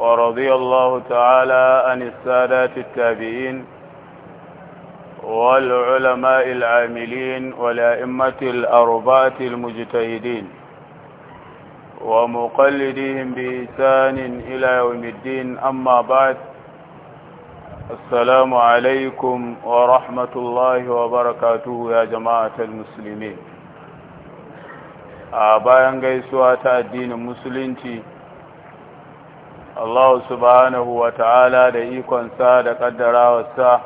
ورضي الله تعالى عن السادات التابعين والعلماء العاملين والأئمة الأربعة المجتهدين ومقلديهم بإسان إلى يوم الدين أما بعد السلام عليكم ورحمة الله وبركاته يا جماعة المسلمين أبا سواتا الدين المسلمين Allah subhanahu wa ta'ala da ikonsa da ƙaddarawarsa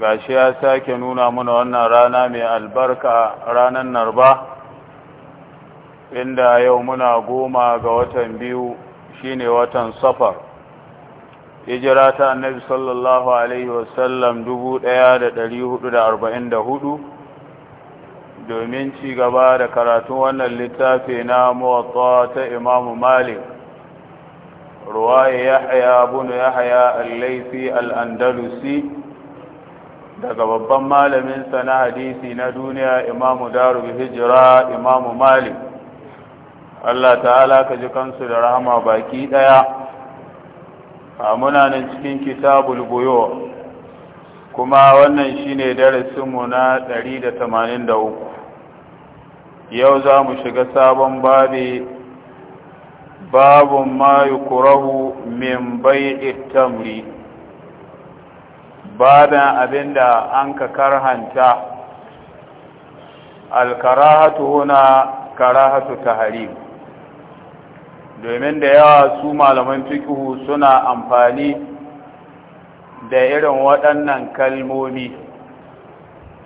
gashi ya sake nuna muna wannan rana mai albarka ranar narba inda yau muna goma ga watan biyu shine watan safar hijira ta annabi sallallahu alaihi wasallam hudu. domin ci gaba da karatun wannan littafi na muwatta ta imamu malik ruwaya yahya bin yahya al-laythi al-andalusi daga babban malamin sa na hadisi na duniya imamu darul hijra imamu malik Allah ta'ala ka ji kansu da rahama baki daya a muna nan cikin kitabul buyo kuma wannan shine darasinmu na 183 yau za mu shiga sabon babi babu ma yukurahu min bai'i tamri baban abinda an ka karhanta alkarahatu huna karahatu taharim domin da yawa su malaman fikihu suna amfani da irin waɗannan kalmomi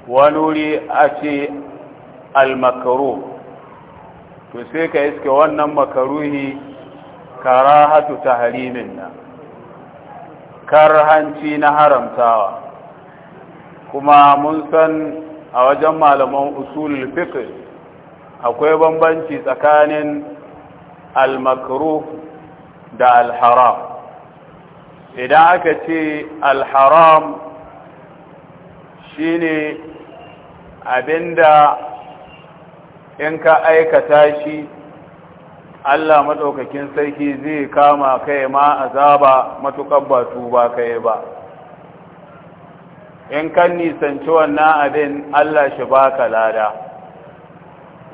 wani wuri a ce almakaro to sai ka iske wannan makaruhi karahatu tahrimin nan karhanci na haramtawa kuma mun san a wajen malaman usulul fiqh akwai bambanci tsakanin al-makruh da al-haram idan aka ce al-haram shine abinda in ka aikata shi Allah madaukakin sarki zai kama kai ma azaba matukar ba tuba kai ba in kan nisanci wannan abin Allah shi baka lada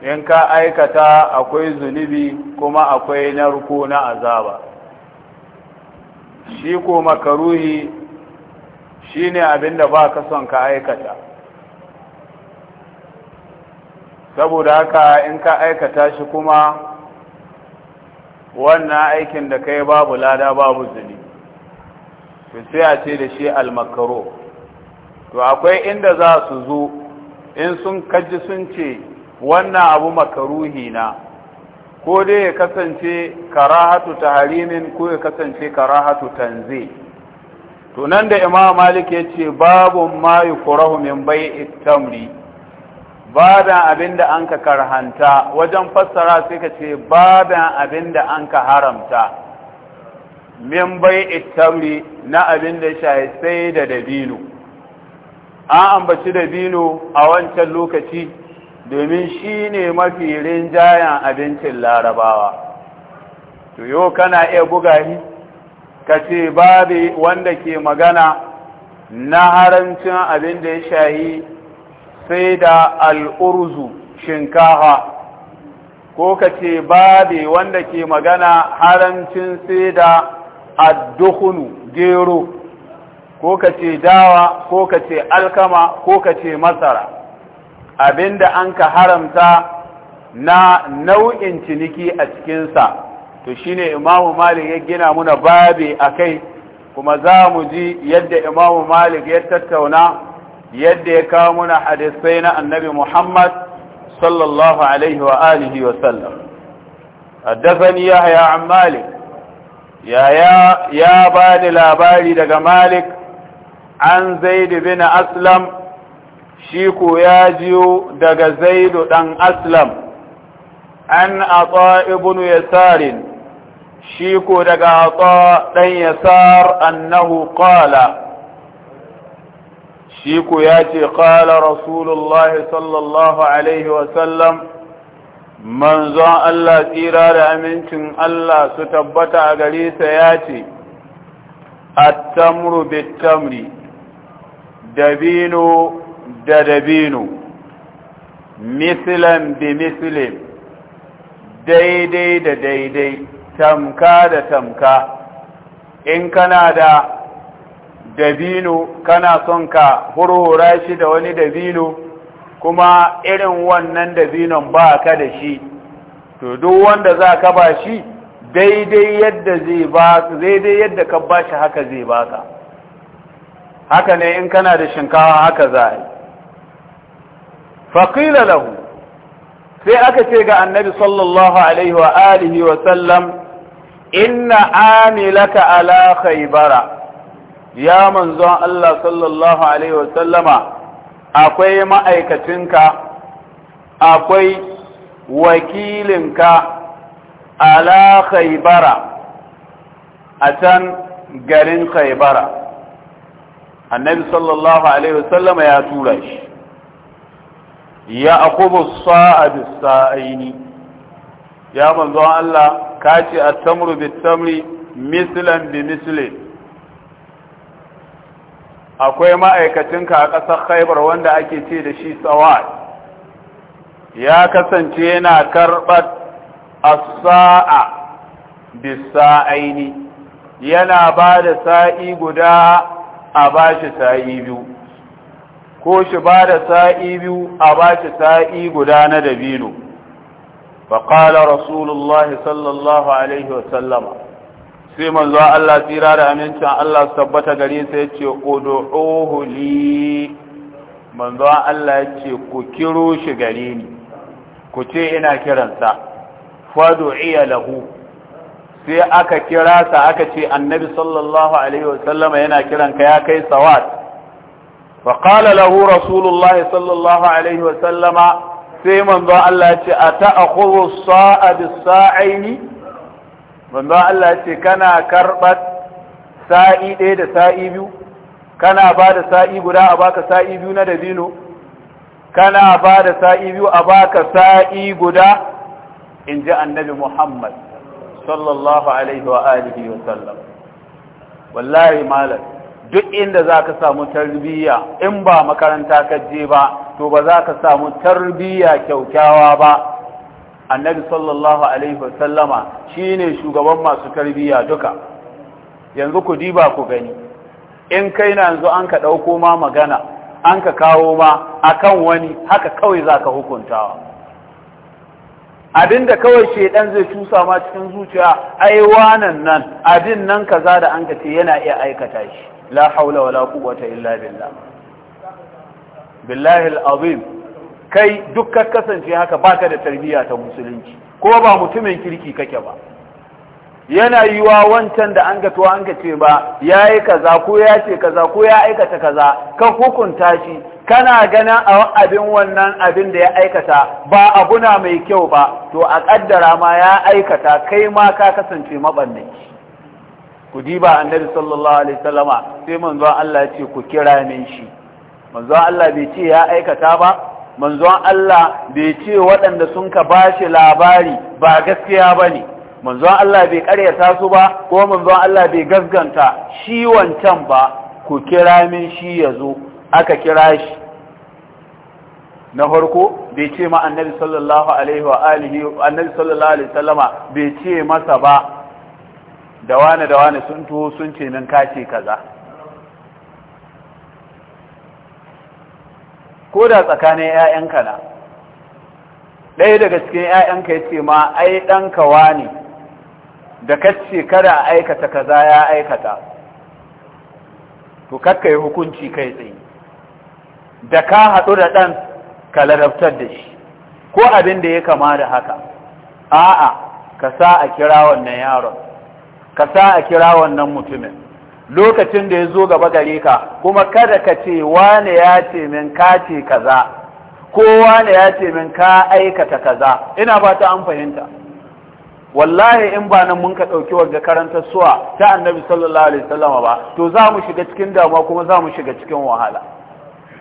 in ka aikata akwai zunubi kuma akwai narko na azaba shi ko makaruhi shine abin da ba ka son ka aikata saboda haka in ka aikata shi kuma wannan aikin da kai babu lada babu zuni to sai a ce da shi almakaro to akwai inda za su zo in sun kaji sun ce wannan abu makaruhi na ko dai ya kasance karahatu taharimin ko ya kasance karahatu tanzi to nan da imam malik ya ce babu ma yukurahu min bai'it tamri abin abinda an ka karhanta wajen fassara sai ka ce abin abinda an ka haramta min bai itamri na abinda shahi sai da dabino an ambaci dabino a wancan lokaci domin shi ne mafi rinjayen abincin larabawa to yau kana iya buga shi ka ce babu wanda ke magana na haramcin abinda ya shahi sai da al'urzu shinkafa ko ka ce babe wanda ke magana haramcin sai da addukunu gero ko ka ce dawa ko ka ce alkama ko ka ce masara abinda an ka haramta na nau'in ciniki a cikinsa to shine imamu malik ya gina muna babe a kai kuma za mu ji yadda imamu malik ya tattauna yadda ya kawo muna hadisai na annabi Muhammad sallallahu alaihi wa alihi wa sallam yahya an malik ya ya bani labari daga malik an zaid bin aslam shi ku ya jiyo daga zaidu dan aslam an atsa ibn yasarin shi ku daga ata dan yasar annahu qala shi ku ya ce ƙala rasulullahi sallallahu alaihi wasallam manzon Allah tsira da amincin Allah su tabbata a gare sa ya ce attamru tamri. dabino da dabino mislan bi mislin daidai da daidai tamka da tamka in kana da dabino kana son ka hurhura shi da wani dabino kuma irin wannan dabinon ba ka da shi to duk wanda za ka ba shi daidai yadda zai ba daidai yadda ka ba shi haka zai ka haka ne in kana da shinkawa haka za a yi faƙila lahu sai aka ce ga annabi sallallahu alaihi wa alihi wa sallam inna amilaka ala khaybara ya manzon Allah sallallahu alaihi wasallama akwai ma'aikacinka akwai wakilinka ala khaybara a can garin khaybara annabi sallallahu alaihi wasallama ya tura shi ya akubu sa'a bisa'aini ya manzon Allah kace at-tamru bit-tamri mislan bi mislin akwai ma'aikacinka a ƙasar haibar wanda ake ce da shi sawad ya kasance yana karɓar a saa bisa aini. yana ba da sa'i guda a ba shi sa'i biyu ko shi ba da sa'i biyu a ba shi sa'i guda na dabino faƙala rasulullahi sallallahu alaihi wasallama sai manzo Allah tsira da amincin Allah tabbata gare sa yace ud'uhu li manzo Allah yace ku kiro shi gare ni ku ce ina kiransa Fadu iya lahu sai aka kira sa aka ce annabi sallallahu alaihi wasallama yana kiran ka ya kai sawat fa qala lahu rasulullah sallallahu alaihi wasallama sai manzo Allah ya ce ata akhudhu as-sa'a bis-sa'aini manzo Allah ya ce kana karɓar sa'i ɗaya da sa'i biyu kana ba da sa'i guda a baka sa'i biyu na dabino kana ba da sa'i biyu a baka sa'i guda in ji annabi Muhammad sallallahu alaihi wa alihi wa sallam wallahi malam duk inda za ka samu tarbiyya in ba makaranta ka je ba to ba za ka samu tarbiyya kyaukyawa ba annabi sallallahu alaihi wasallama shine shugaban masu tarbiyya duka yanzu ku diba ku gani in kai na yanzu an ka dauko ma magana an ka kawo ma akan wani haka kawai za ka hukuntawa abinda kawai shedan zai cusa ma cikin zuciya ai wannan nan abin nan kaza da an ka ce yana iya aikata shi la haula wala quwwata illa billah billahi al-azim kai duk ka kasance haka baka da tarbiyya ta musulunci ko ba mutumin kirki kake ba yana yiwa wancan da an ga to an ba yayi kaza ko ya ce kaza ko ya aikata kaza ka hukunta shi kana ganin abin wannan abin da ya aikata ba abuna mai kyau ba to a kaddara ma ya aikata kai ma ka kasance mabannaki ku diba annabi sallallahu alaihi wasallama sai manzo Allah ya ce ku kira min shi manzo Allah bai ce ya aikata ba manzon Allah bai ce waɗanda sun ka ba shi labari ba gaskiya ba ne manzon Allah bai ƙaryata su ba ko manzon Allah bai gasganta shi wancan ba ku kira min shi ya zo aka kira shi na farko bai ce ma annabi sallallahu alaihi wa alihi annabi sallallahu alaihi sallama bai ce masa ba da wane da wane sun tuho sun ce nan kace kaza ko da tsakanin 'ya'yanka na ɗaya daga cikin 'ya'yanka ya ce ma ai ɗanka wani da kacce kada a aikata kaza ya aikata to kakka yi hukunci kai tsaye da ka haɗu da ɗan ka larabtar da shi ko abin da ya kama da haka a'a ka sa a kira wannan yaron ka sa a kira wannan mutumin lokacin da ya zo gaba gare ka kuma kada ka ce wane ya ce min ka ce kaza ko wane ya ce min ka aikata kaza ina ba ta an fahimta wallahi in ba nan mun ka ɗauki wanda karantar suwa ta annabi sallallahu alaihi wasallama ba to za mu shiga cikin damuwa kuma za mu shiga cikin wahala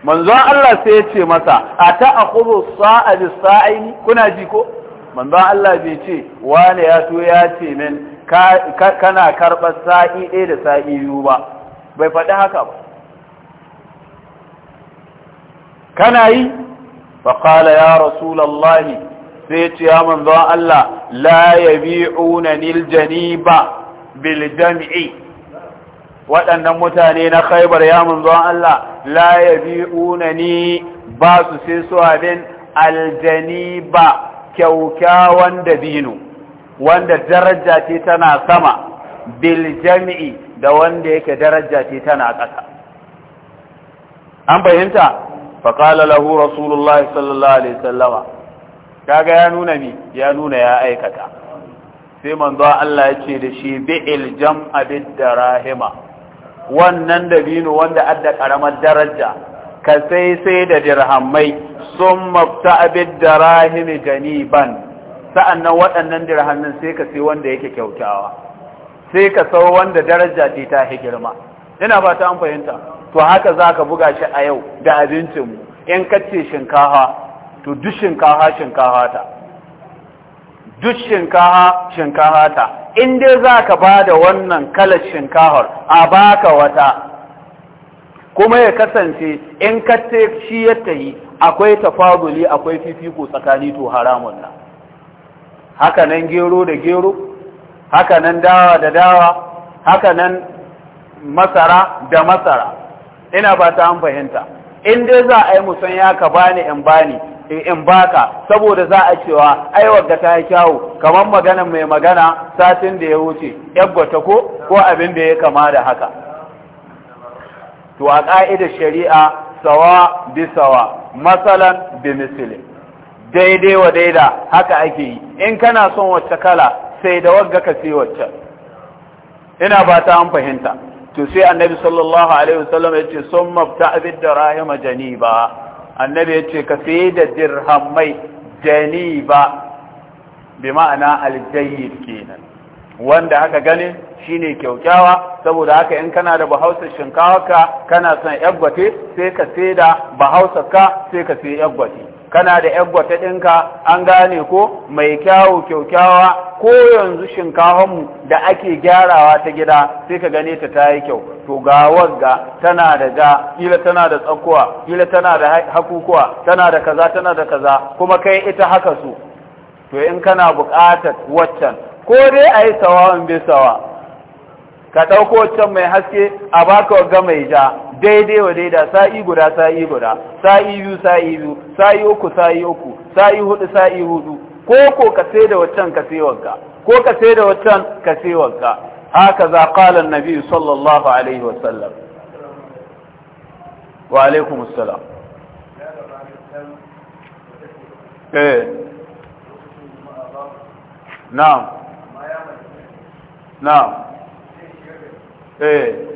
manzon Allah sai ya ce masa a ta akhudhu sa'a bis sa'aini kuna ji ko manzon Allah bai ce wane ya to ya ce min kana karɓar sa'i ɗaya da sa'i biyu ba bai faɗi haka ba kana yi faƙala ya rasulallahi sai ce ya manzon Allah la yabi'una nil ba bil jam'i waɗannan mutane na khaibar ya manzon Allah la yabi'una ni ba su sai su abin aljaniba kyaukyawan dabino wanda daraja ce tana sama bil jami'i da wanda yake daraja ce tana ƙasa an fahimta fa qala lahu rasulullahi sallallahu alaihi wasallama kaga ya nuna mi ya nuna ya aikata sai manzo Allah ya ce da shi bi'il jam'a bid darahima wannan dabino wanda adda karamar daraja ka sai sai da dirhamai summa ta'bid darahimi ganiban sa'annan waɗannan dirhamin sai ka sai wanda yake kyautawa sai ka sau wanda daraja ce ta girma ina ba ta an fahimta to haka za ka buga shi a yau da abincinmu in kace shinkafa to duk shinkafa shinkafa ta duk shinkafa shinkafa ta in dai za ka ba da wannan kalar shinkafar a baka wata kuma ya kasance in kace shi ya yi akwai tafaduli akwai fifiko tsakani to haramun nan haka nan gero da gero haka nan dawa da dawa haka nan masara da masara ina ba ta in dai za a yi ya ka bani in bani in baka saboda za a cewa aiwaka ta yi kyawu kamar magana mai magana satin da ya wuce yabbata ko ko abin da ya kama da haka to a ƙa'idar shari'a sawa bi sawa masalan bi misli daidai wa daida haka ake yi in kana son wacce kala sai da wagga ka sai wacce ina ba ta an fahimta to sai annabi sallallahu alaihi wasallam ya ce sun mafta abin da rahima janiba annabi ya ce ka sai da dirhamai ba bi ma'ana aljayyid kenan wanda haka gani shine kyaukyawa saboda haka in kana da bahausa shinkawa ka kana son yaggwate sai ka sai da bahausar ka sai ka sai yaggwate kana da yar gwata ɗinka an gane ko mai kyawu kyaukyawa ko yanzu mu da ake gyarawa ta gida sai ka gane ta ta yi kyau to ga wagga tana da ja ila tana da tsakkuwa, ila tana da hakukuwa tana da kaza tana da kaza kuma kai ita haka su to in kana buƙatar waccan ko dai a yi sawa in bi sawa ka ɗauko waccan mai haske a baka wagga mai ja daidai wa daida sa'i guda sa'i guda sa'i biyu sa'i biyu sa'i uku sa'i uku sa'i hudu sa'i hudu ko ko ka sai da waccan ka sai wanka ko ka sai da waccan ka sai wanka haka za qala annabi sallallahu alaihi wa sallam wa alaikum assalam eh na'am na'am eh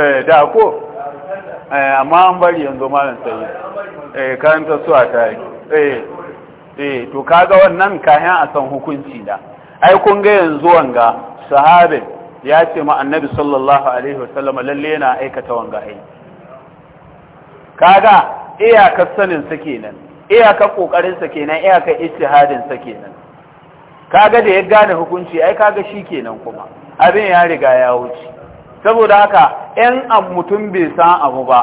Eh, da ko eh, amma an bari yanzu malam sai eh, karanta su a tare eh to kaga wannan kayan a san hukunci da ai kun ga yanzu wanga sahabe ya ce ma annabi sallallahu alaihi wasallam lalle yana aikata wanga ai kaga iyakar sanin sa kenan iyakar kokarin sa kenan iyakar ijtihadin sa kenan kaga da ya gane hukunci ai kaga shi kenan kuma abin ya riga ya wuce saboda haka ‘yan mutum bai san abu ba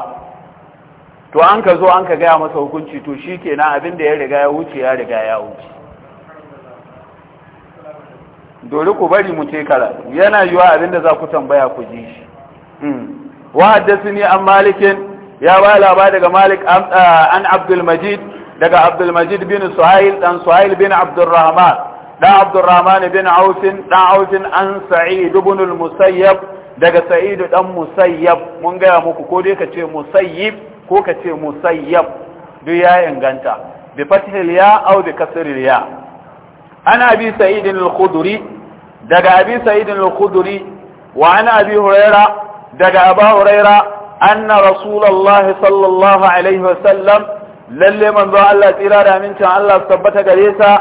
to an ka zo an ka gaya masa hukunci to shi ke na abin da ya riga ya wuce ya riga ya wuce dori ku bari mu ce yana yiwa abin da za ku tambaya ku ji shi hmm. wa ni an malikin ya ba labar daga malik an abdulmajid daga abdulmajid bin suhail dan suhail bin abdulrahman ɗan abdulrahman bin Ausin, dan Ausin an sa'id dubunul musayyab daga sa'idu dan musayyab mun gaya muku ko dai ka ce musayyib ko ka ce musayyab duk ya inganta bi fathil ya aw bi kasril ya ana bi sa'id al-khudri daga abi sa'idin al-khudri wa ana abi huraira daga aba huraira anna rasulullahi sallallahu alaihi wa sallam lalle manzo Allah tsira da amincin Allah tabbata gare sa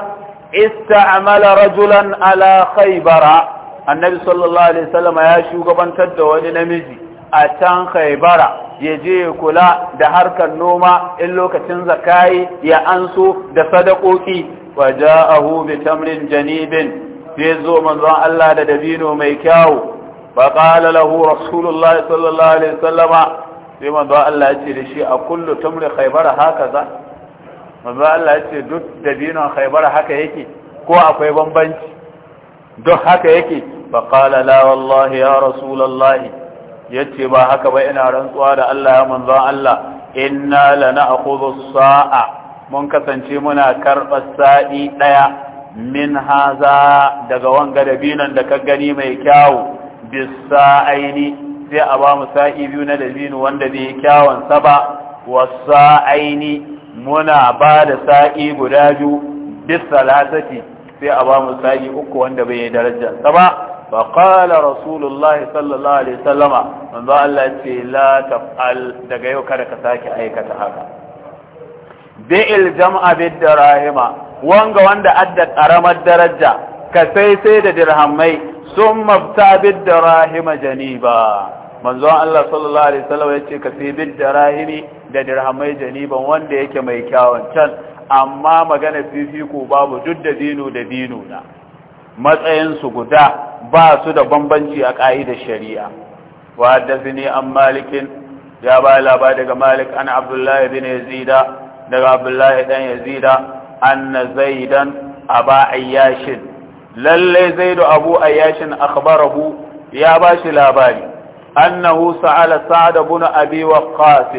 ista'mala rajulan ala khaybara annabi sallallahu alaihi wasallam ya shugabantar da wani namiji a can khaybara ya je kula da harkar noma in lokacin zakai ya ansu da sadakoki wa ja'ahu bi tamrin janibin sai zo manzon Allah da dabino mai kyau fa qala lahu rasulullahi sallallahu alaihi wasallama sai manzo Allah ya ce da shi a kullu tamri khaybar haka za manzo Allah ya ce duk dabinon khaybar haka yake ko akwai bambanci duk haka yake fa qala ya ce yace ba haka ba ina rantsuwa da Allah ya manzon Allah inna lana'khudhu sa'a mun kasance muna karɓar sa'i daya min haza daga wanga da binan da ka gani mai kyawu bisa aini sai a ba mu sa'i biyu na dabino wanda bai kyawun sa ba wasaaini aini muna ba da sa'i guda biyu bisa lasati sai a ba mu uku wanda bai yi darajar ba ba kala qala rasulullah sallallahu alaihi wasallama manzo Allah ce la taf'al daga yau kada ka sake aikata haka bi'il jam'a bid dirahima wanga wanda adda karamar daraja ka sai sai da dirhamai summa bid dirahima janiba manzon Allah sallallahu alaihi wasallam ya ce ka fi bid dirahimi da dirhamai janiban wanda yake mai kyawun can amma magana fifiko babu duk da dino da dino na matsayinsu guda ba su da bambanci a ƙa'idar shari'a wa ne an malikin ya ba laba daga malik an abdullahi bin yazida daga abdullahi dan yazida anna zaidan aba ayyashin lallai zaidu abu ayyashin akhbarahu ya ba shi labari annahu sa'ala sa'ad ibn abi waqqas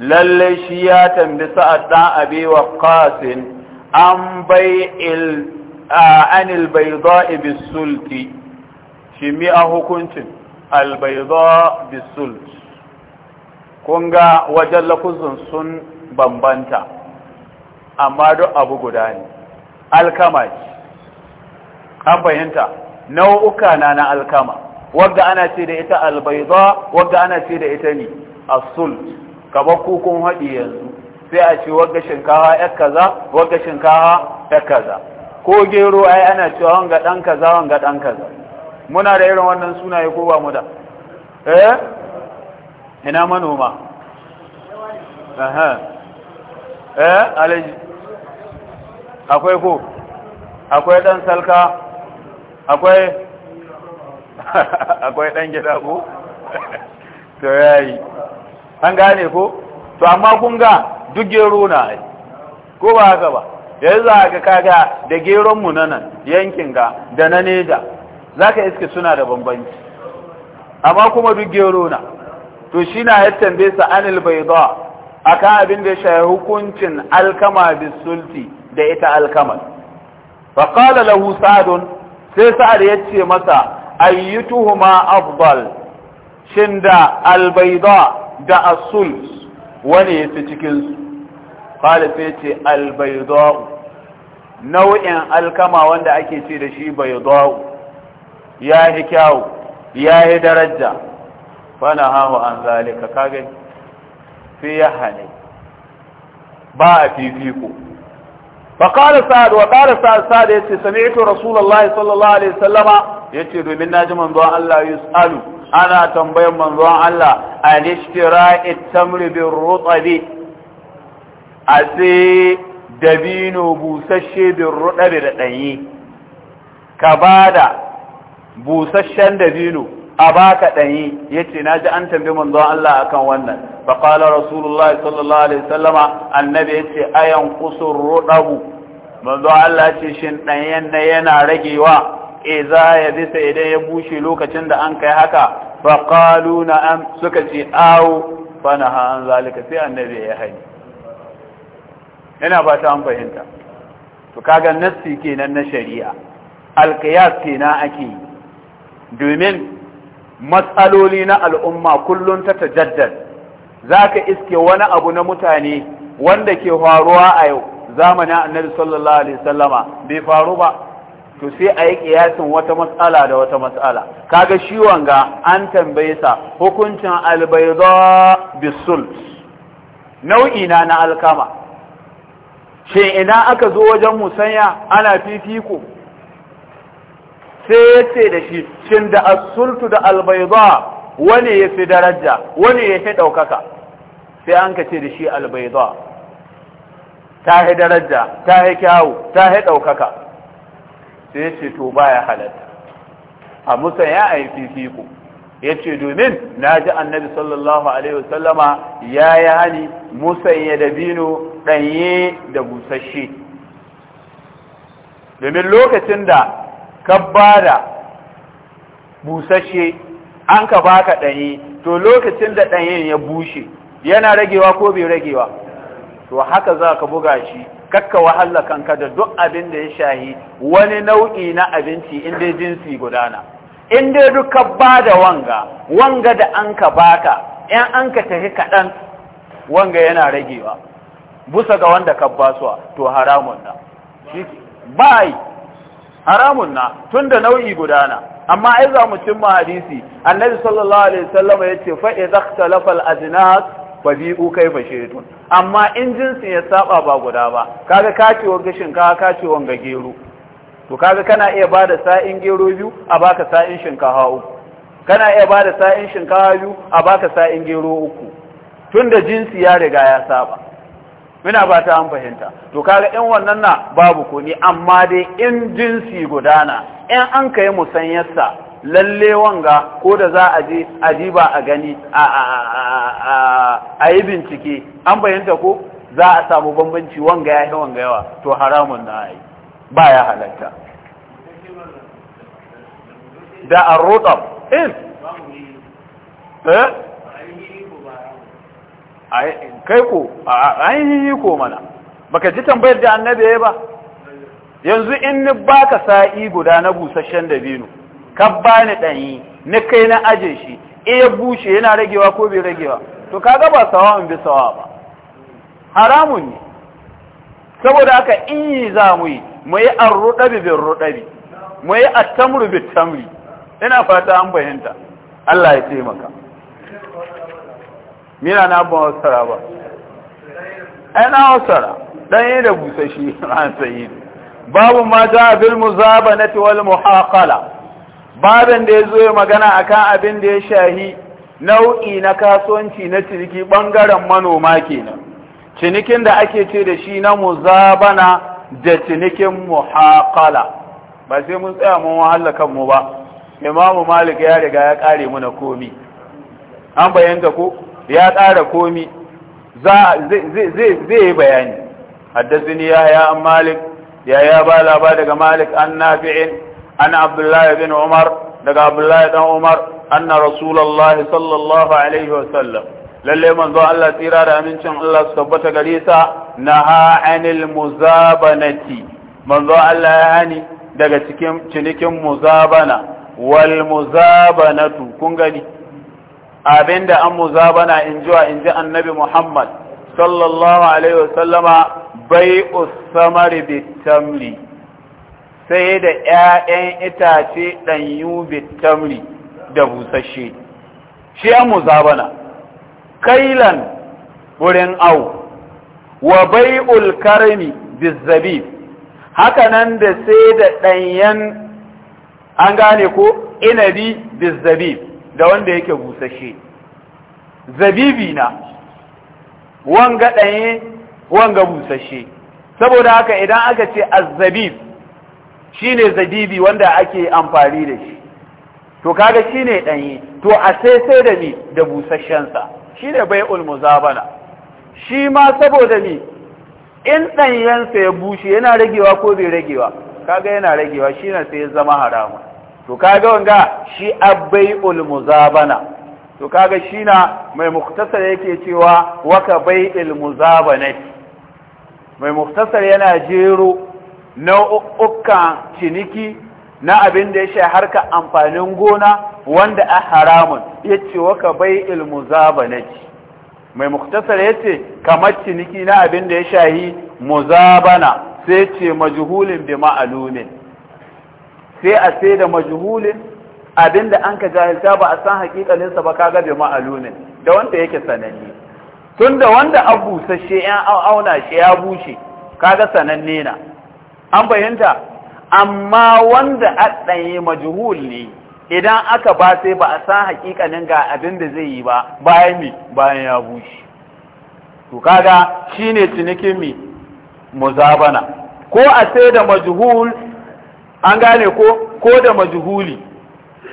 lalle shi ya tambi sa'ad dan abi qasin an bai'il anil bayda'i bisulti shi mi a hukuncin al bayda bisult kun ga wajen lafuzin sun bambanta amma duk abu guda ne alkama an fahimta nau'uka na na alkama wadda ana ce da ita albaida wadda ana ce da ita ne asult kamar kukun haɗi yanzu sai a ce wagga shinkawa ya kaza wagga shinkawa ya kaza ko gero ai ana cewa wanga ɗan kaza wanga ɗan kaza muna da irin wannan sunaye ko ba mu da eh ina manoma aha eh alaji akwai ko akwai ɗan salka akwai akwai ɗan gida ko to yayi an gane ko to amma kun ga duk gero na ko ba haka ba yanzu za ka kaga da geron mu na nan yankin ga da na neja za ka iske suna da bambanci amma kuma duk gero na to shi na ya tambaye sa anil baida akan abin da ya hukuncin alkama sulti da ita alkamar fa qala lahu sa'dun sai sa'ad ya ce masa ayyutuhuma afdal shin da albaida da asul wani ya fi cikinsu kala sai ce albaidau nau'in alkama wanda ake ce da shi baidau ya yi kyawu ya yi daraja fana hahu an zalika kage fi ya hane ba a fifiko فقال سعد وقال سعد سعد يتي سمعت رسول الله صلى الله عليه وسلم يتي دومين ناجي الله يسألو ana tambayan manzon Allah an ishtira'i tamri bin rutabi a sai dabino busasshe bin rutabi da ɗanyi ka bada busasshen dabino a baka ɗanyi yace na ji an tambayi manzon Allah akan wannan فقال رسول الله صلى الله عليه وسلم النبي يتي اينقص الرطب manzo Allah ce shin ɗanyen na yana ragewa iza ya bisa idan ya bushe lokacin da an kai haka fa qalu am suka ce aw fa naha an zalika sai annabi ya hani ina ba ta an fahimta to kaga nassi kenan na shari'a alqiyas kenan ake domin matsaloli na al'umma kullun ta tajaddad zaka iske wani abu na mutane wanda ke faruwa a yau zamanin annabi sallallahu alaihi wasallama bai faru ba to sai a yi kiyasin wata matsala da wata matsala kaga shi wanga an tambaye sa hukuncin albaidha bisul nau'i na na alkama shin ina aka zo wajen musanya ana fifiko sai yace da shi shin da asultu da albaidha wani ya fi daraja Wani ya fi ɗaukaka sai an ka ce da shi albaidha ta yi daraja ta yi kyawu ta hi ɗaukaka sai ce to baya halatta a musa ya a yi fifiko ya ce domin na ji annabi sallallahu alaihi wasallama ya yi hani musanya da dabino ɗanye da busashe domin lokacin da ka bada busashe an ka baka ɗanye to lokacin da ɗanyen ya bushe yana ragewa ko bai ragewa to haka za ka buga shi kakka wahala kanka da duk abin da ya shahi wani nau'i na abinci in dai jinsi gudana in dai duka ba da wanga wanga da an ka baka in an ka tafi kaɗan wanga yana ragewa busa ga wanda ka basuwa to haramun na bai haramun na tun da nau'i gudana amma ai za mu cimma hadisi annabi sallallahu alaihi wasallam yace fa idza ikhtalafa al babi'u kai fa shaitun amma in jinsin ya saba ba guda ba kaga kacewar gashin ka kacewar ga gero to kaga kana iya bada sa'in gero biyu a baka sa'in shinkafa uku kana iya bada sa'in shinkafa biyu a baka sa'in gero uku tunda jinsi ya riga ya saba muna ba ta an fahimta to kaga in wannan na babu ko ni amma dai in jinsi gudana in an kai musanyarsa lalle wanga ko da za a je a diba a gani a yi bincike an bayanta ko za a samu bambanci wanga ya yi wanga yawa to haramun na yi ba ya halatta da an rotar in kai ko yi ko mana baka ji tambayar da annabi ya ba yanzu in ni baka sa'i guda na busasshen dabino ka bani ɗanyi na kai na aje shi iya bushe yana ragewa ko bai ragewa to kaga ba in bi sawa ba haramun ne saboda haka in yi za mu yi mu yi an ruɗabi bin ruɗabi mu yi a tamru bin tamri ina fata an bayanta Allah ya taimaka mina na ban wasara ba ai na wasara dan yi da busashi an sayyid babu mata bil muzabanati wal muhaqala babin da ya zo ya magana kan abin da ya shahi nau'i na kasuwanci na ciniki ɓangaren manoma kenan cinikin da ake ce da shi na muzabana da cinikin muhaƙala ba sai mun tsaya mun wahala mu ba imamu malik ya riga ya ƙare muna komi an bayanta ko ya ƙara komi zai yi bayani haddazini ya ya malik ya ya ba laba daga malik an nafi'in ana abdullahi bin umar daga abdullahi dan umar anna rasulullahi sallallahu alaihi wasallam lalle manzo Allah tsira da amincin Allah su tabbata gare sa naha anil muzabanati manzo Allah ya hani daga cikin cinikin muzabana wal muzabanatu kun gani abinda an muzabana in inji in annabi Muhammad sallallahu alaihi wasallama bai'us samari bitamri sai da ‘ya'yan itace ɗanyu tamri da busashe, shi an muzabana, kailan wurin au, wa bai'ul karmi bizzabib, haka nan da sai da ɗanyen an gane ko inabi bizzabib da wanda yake busashe. Zabibi na, wanga ɗanye, wanga busashe, saboda haka idan aka ce azzabib, shine zabibi wanda ake amfani da shi to kaga shine ɗanyi to a sai sai da ni da busasshen sa shine bai'ul muzabana shi ma saboda ni, in ɗanyensa ya bushe yana ragewa ko bai ragewa kaga yana ragewa shi na sai zama haramu to kaga wanga shi abbai'ul muzabana to kaga shi mai muktasar yake cewa waka bai'il muzabana mai muktasar yana jero Na nau'ukan ciniki na abin da ya shi harka amfanin gona wanda a haramun ya ce waka bai ilmu na ci mai muktasar ya ce kamar ciniki na abin da ya shahi muzabana sai ce majuhulin bi ma'alumin sai a sai da majuhulin abin da an ka jahilta ba a san hakikalinsa ba kaga bi ma'alumin da wanda yake sananne tun da wanda abu sashe ya auna shi ya bushe kaga sananne na an bayanta amma wanda a tsaye majhul ne idan aka ba sai ba a san hakikanin ga abin da zai yi ba bayan mi bayan ya bushe to kaga shine cinikin mi muzabana ko a sai da majhul an gane ko ko da majhuli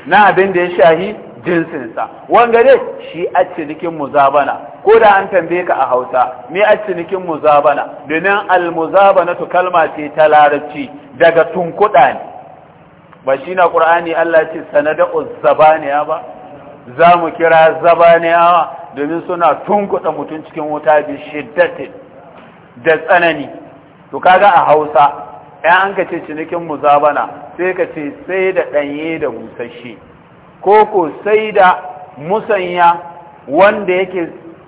na abin da ya shahi jinsinsa wanga dai shi a cinikin muzabana ko da an tambaye ka a hausa me a cinikin muzabana domin almuzabana to kalma ce ta larabci daga tunkuɗa ne ba shi na ƙur'ani Allah ce sanada uzzabaniya ba za mu kira zabaniyawa domin suna tunkuɗa mutum cikin wuta bi shiddatin da tsanani to kaga a hausa ɗan an ka ce cinikin muzabana sai ka ce sai da ɗanye da busasshe ko ko sai da musanya wanda yake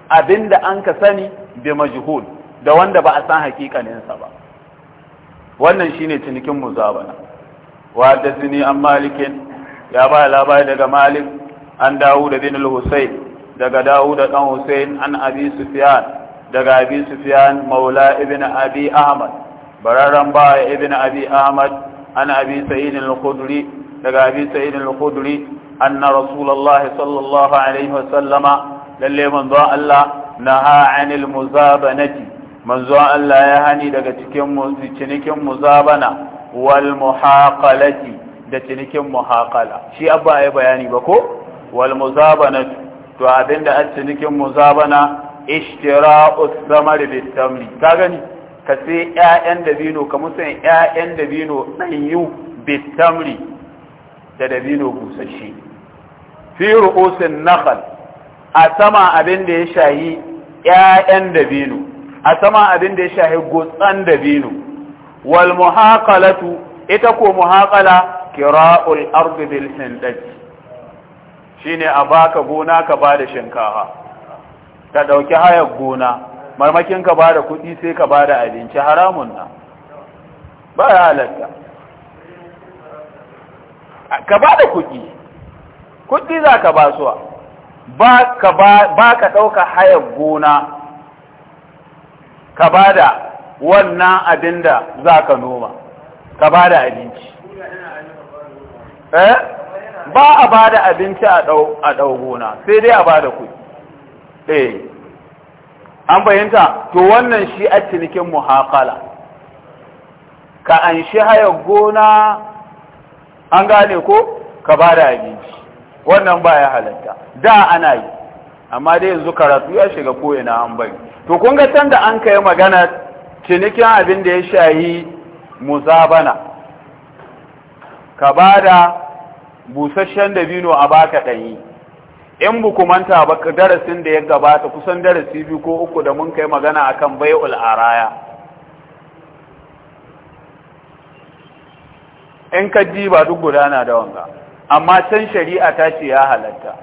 abinda an ka sani da majhul da wanda ba a san hakikaninsa ba wannan shine cinikin muzabana wa hadathani an malikin ya ba labari daga malik an da bin al-husayn daga da dan husayn an abi sufyan daga abi sufyan maula ibn abi ahmad bararan ba ibn abi ahmad an abi sa'id al-khudri daga abi sa'id al-khudri أن رسول الله صلى الله عليه وسلم للي من ذا الله نهى عن المزابنة من ذا الله يهني دقا تكن مزابنة والمحاقلة da cinikin muhaqala shi a ai bayani ba ko wal muzabana abinda a cinikin muzabana ishtira'u samari bil tamri ka gani ka sai 'ya'yan dabino ka musan 'ya'yan dabino ɗanyu bil da dabino busasshe fi ru'usin nakhal a sama abin da ya shayi ƴaƴan dabino a sama abin da ya shayi gutsan dabino wal muhaqalatu ita ko muhaqala kira'ul ardi bil hindati shine a baka gona ka bada shinkafa ka dauki hayar gona marmakin ka bada kuɗi sai ka bada abinci haramun na ba ya halatta ka bada kuɗi kuɗi za ka ba suwa ba ka ɗauka hayar gona ka ba da wannan abin da za ka noma ka ba da abinci eh? ba a ba da abinci a ɗau gona sai dai a ba da kuɗi eh an bayanta to wannan shi a cinikin muhakala ka an shi hayar gona an gane ko ka ba da abinci wannan ba ya halatta da ana yi amma dai yanzu karatu ya shiga ko'ina an bari to kun ga can da an kai magana cinikin abin da ya shayi muzabana ka ba da busasshen dabino a baka ɗanyi in bu ba darasin da ya gabata kusan darasi biyu ko uku da mun kai magana akan bai'ul araya in ka ji ba duk gudana da wanga amma can shari'a ta ce ya halatta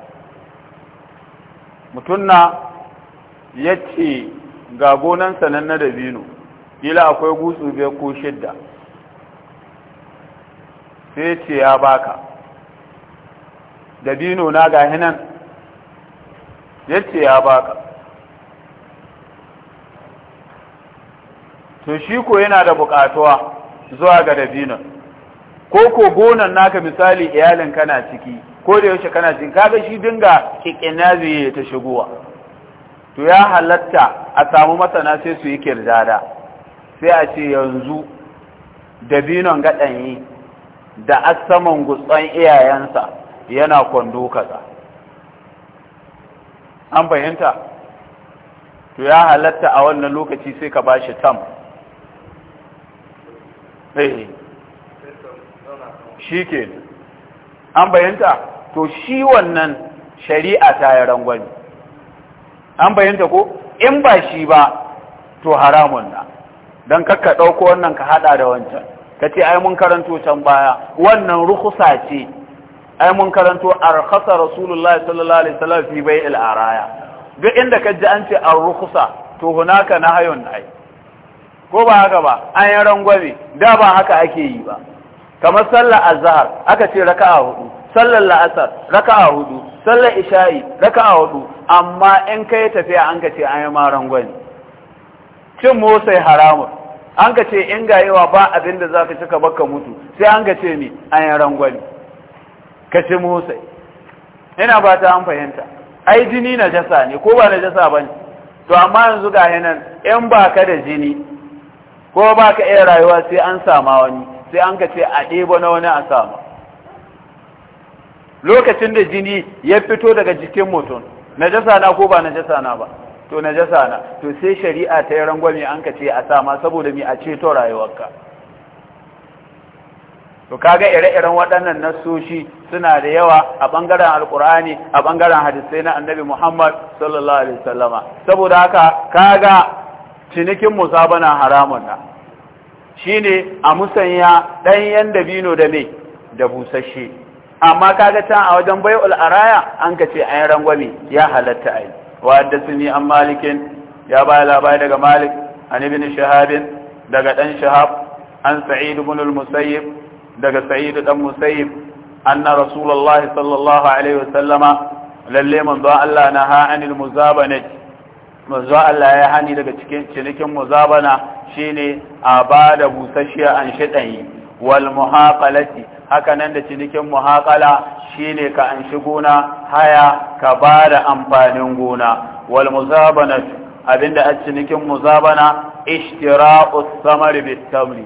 mutum na ya ce ga gonan sanan na dabino gila akwai gutsu biyar ko shidda sai ce ya baka dabino na ga hinan ya ce ya baka to shi ko yana da bukatuwa zuwa ga dabinon ko ko gonan naka misali iyalin kana ciki ko da yaushe kana ciki kaga shi dinga kikinazi ta shigowa to ya halatta a samu masana sai su yi kirdada sai a ce yanzu dabinon gaɗanyi da asaman gutsan iyayensa yana kwando kaza an fahimta to ya halatta a wannan lokaci sai ka bashi tam eh shi ke an bayanta to shi wannan shari'a ta yi rangwani an bayanta ko in ba shi ba to haramun na don kakka ɗauko wannan ka haɗa da wancan ka ce ai mun karanto can baya wannan rukusa ce ai mun karanto arkasa rasulullahi sallallahu alaihi wasallam fi bai araya duk inda ka ji an ce an rukusa to hunaka na hayon ai ko ba haka ba an yi rangwame da ba haka ake yi ba kamar sallar azhar aka ce raka'a hudu sallar la'asar raka'a hudu sallar isha'i raka'a hudu amma in kai tafiya an ka ce an yi maran gwani cin motsai haramun an ka ce in gayewa ba abin da za ka cika baka mutu sai an ka ce ni an yi rangwani ka ci motsai ina ba ta an fahimta ai jini na jasa ne ko ba na jasa ba ne to amma yanzu ga nan in ba ka da jini ko ba ka iya rayuwa sai an sama wani sai an ka ce a ɗebo na wani a sama lokacin da jini ya fito daga jikin mutum na jasa na ko ba na jasa na ba to na jasa na to sai shari'a ta yi rangwame an ka ce a sama saboda mi a ceto rayuwarka to kaga ire-iren waɗannan nasoshi suna da yawa a ɓangaren alkur'ani a ɓangaren hadisai na annabi muhammad sallallahu alaihi wasallama saboda haka kaga cinikin musabana haramun na ne a musanya ɗanyen dabino da me da busasshe amma kaga ta a wajen bai'ul araya an ka ce ayin rangwami, ya halatta ai wa ni an malikin ya baya labari daga malik an ibn shahabin, daga ɗan shahab an sa'id ibn al-musayyib daga sa'id dan musayyib anna rasulullahi sallallahu alaihi wasallama lalle zuwa Allah naha anil muzabana zuwa Allah ya hani daga cikin cinikin muzabana ne a ba da busasshiya an shiɗanyi wal muhaqalati haka nan da cinikin shi shine ka an shi gona haya ka ba da amfanin gona wal muzabanatu abinda a cinikin muzabana ishtiraus samar bit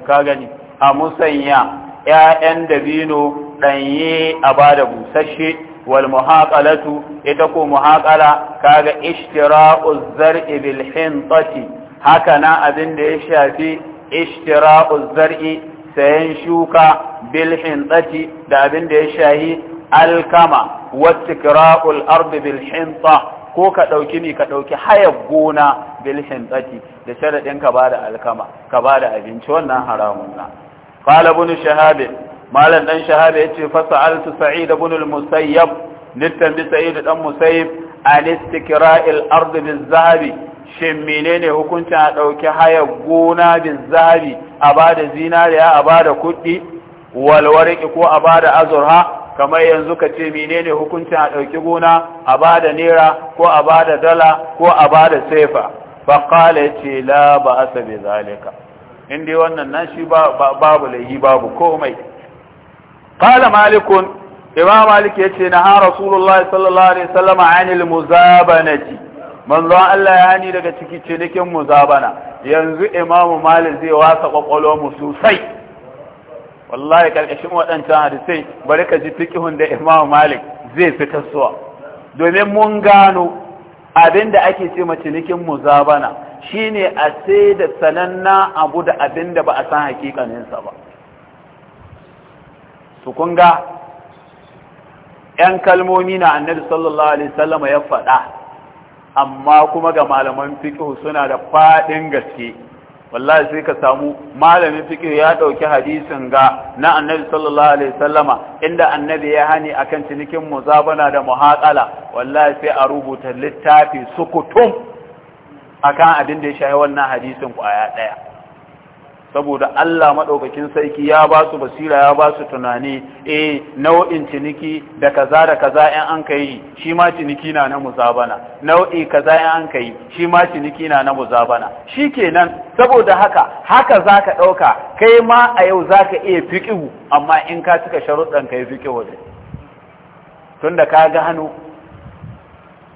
ka gani a musanya ‘ya'yan dabino ɗanye a ba da busasshe wal muhaƙalatu ita ko muhaƙala kaga ishtiraus zar'i bil hintati haka na abin da ya shafi ishtira'uz zar'i sayan shuka bil hintati da abin da ya shahi alkama wattikra'ul ardi bil hinta ko ka dauki ni ka dauki hayar gona bil hintati da sharadin ka bada alkama ka bada abinci wannan haramun na qala ibn shahab malan dan shahab yace fa sa'altu sa'id ibn al-musayyab littan bi sa'id dan musayyib an istikra'il ardi bil zahabi shin menene hukuncin a ɗauki haya gona bin zahabi a ba da zinariya a ba da kuɗi walwarki ko a ba da azurha kamar yanzu ka ce menene hukuncin a ɗauki gona a ba da naira ko a ba da dala ko a ba da sefa qala ce la ba asa bi zalika in dai wannan nan shi babu lahi babu komai qala malikun imam malik yace na ha rasulullahi sallallahu alaihi wasallam anil muzabanati manzo Allah ya hani daga ciki cinikin muzabana yanzu imamu malik zai wasa kwakwalwar mu sosai wallahi karkashin waɗancan hadisai bari ka ji fikihun da imamu malik zai fitar suwa domin mun gano abinda ake ce ma cinikin muzabana shine a sai da sananna abu da abinda ba a san hakikaninsa ba su kun ga 'yan kalmomi na annabi sallallahu alaihi wasallam ya faɗa amma kuma ga malaman fiqh suna da fadin gaske wallahi sai ka samu malamin fiqh ya dauki hadisin ga na annabi sallallahu alaihi wasallama inda annabi ya hani akan cinikin muzabana da muhaqala wallahi sai a rubuta littafi sukutum akan abin da ya shahi wannan hadisin kwaya daya saboda Allah maɗaukakin sarki ya ba su basira ya ba su tunani eh nau'in ciniki da kaza da kaza in an kai shi ma ciniki na na muzabana nau'i kaza in an kai shi ma ciniki na na muzabana shikenan saboda haka haka zaka ɗauka kai ma a yau zaka iya fiqhu amma in ka cika sharuɗan kai fiqhu ne tunda ka ga hannu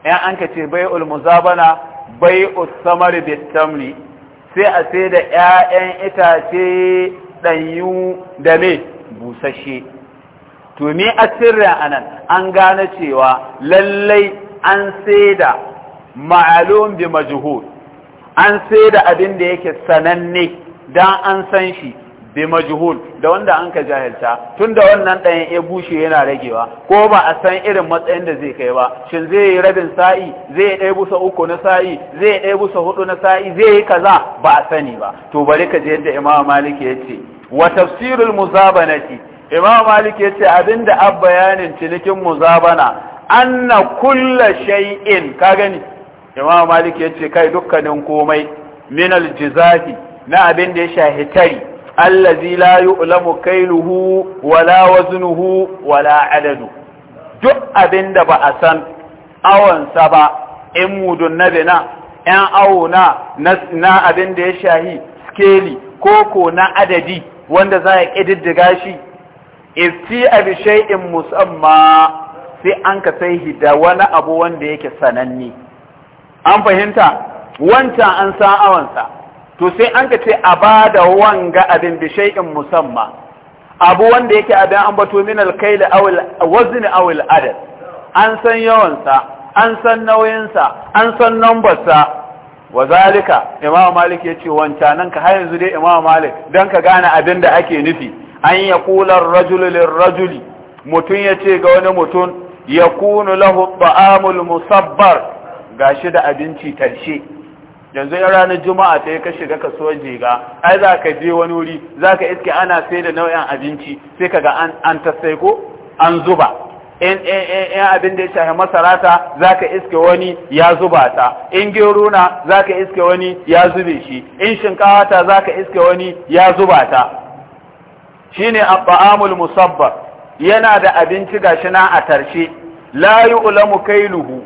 in an ka ce bai'ul muzabana bai'us samari bitamni sai a sai da 'ya'yan itace ɗanyu da me busashe to me asirra anan an gane cewa lallai an sai da ma'alum bi majhul an sai da abin da yake sananne dan an san shi bi majhul da wanda an ka jahilta tunda wannan ɗayan ya bushe yana ragewa ko ba a san irin matsayin da zai kai ba shin zai yi rabin sa'i zai yi ɗaya busa uku na sa'i zai yi ɗaya busa hudu na sa'i zai yi kaza ba a sani ba to bari ka je yadda imam malik ya ce wa tafsirul muzabanati imam malik ya ce abinda ab bayanin cinikin muzabana anna kulla shay'in ka gani imam malik ya ce kai dukkanin komai min Jizafi, na abinda ya shahi tari allazi la yu'lamu kailuhu wala waznuhu wala adadu duk abinda ba a san awansa ba in mudun nabina yan awo na na abin ya shahi skeli koko na adadi wanda za a ƙididdiga shi Ifti abi shay'in musamma sai an ka sai da wani abu wanda yake sananne an fahimta wancan an san awansa to sai an ka ce a ba da wanga abin da shay'in musamma abu wanda yake abin an bato min alkail aw wazn aw adad an san yawan sa an san nauyin an san number sa wa zalika imam malik yace wancanan ka har yanzu dai imam malik dan ka gane abin da ake nufi an ya kular rajulu lir-rajuli mutun yace ga wani mutum ya yakunu lahu ta'amul musabbar gashi da abinci tarshe yanzu ya ranar juma'a ta ka shiga kasuwar jiga ai za ka je wani wuri za ka iske ana sai da nau'in abinci sai ka ga an tasai ko an zuba in abin da ya shafi masarata, za ka iske wani ya zuba ta in gero na za ka iske wani ya zube shi in shinkawa ta za ka iske wani ya zuba ta shine baamul musabbar yana da abinci shi na a tarshe Layu ulamu kai kailuhu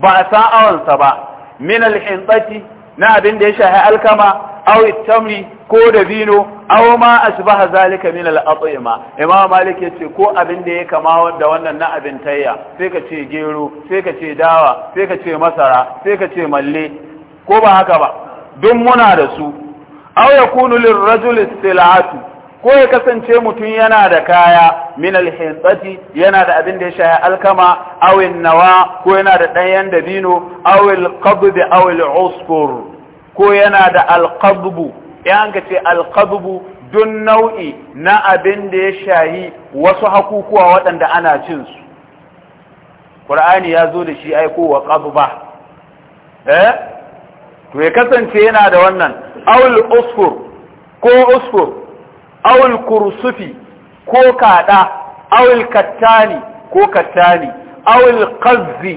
ba a sa'awansa ba Minal al na abin da ya shahi alkama au tamri ko da vino aw ma asbaha zalika min al at'ima imam malik yace ko abin da ya kama da wannan na abin tayya sai ka ce gero sai ka ce dawa sai ka ce masara sai ka ce malle ko ba haka ba duk muna da su aw yakunu lirrajuli silatu ko ya kasance mutum yana da kaya min alhisati yana da abin da ya shaya alkama awin nawa ko yana da ɗanyen dabino awil qabd awil uskur ko yana da alqabbu ya an ce alqabbu dun nau'i na abin da ya shayi wasu hakukuwa waɗanda ana cin su Qur'ani ya zo da shi ai ko wa qabba eh to ya kasance yana da wannan awil usfur ko usfur awul kursufi ko kada awul kattani ko kattani awul qazzi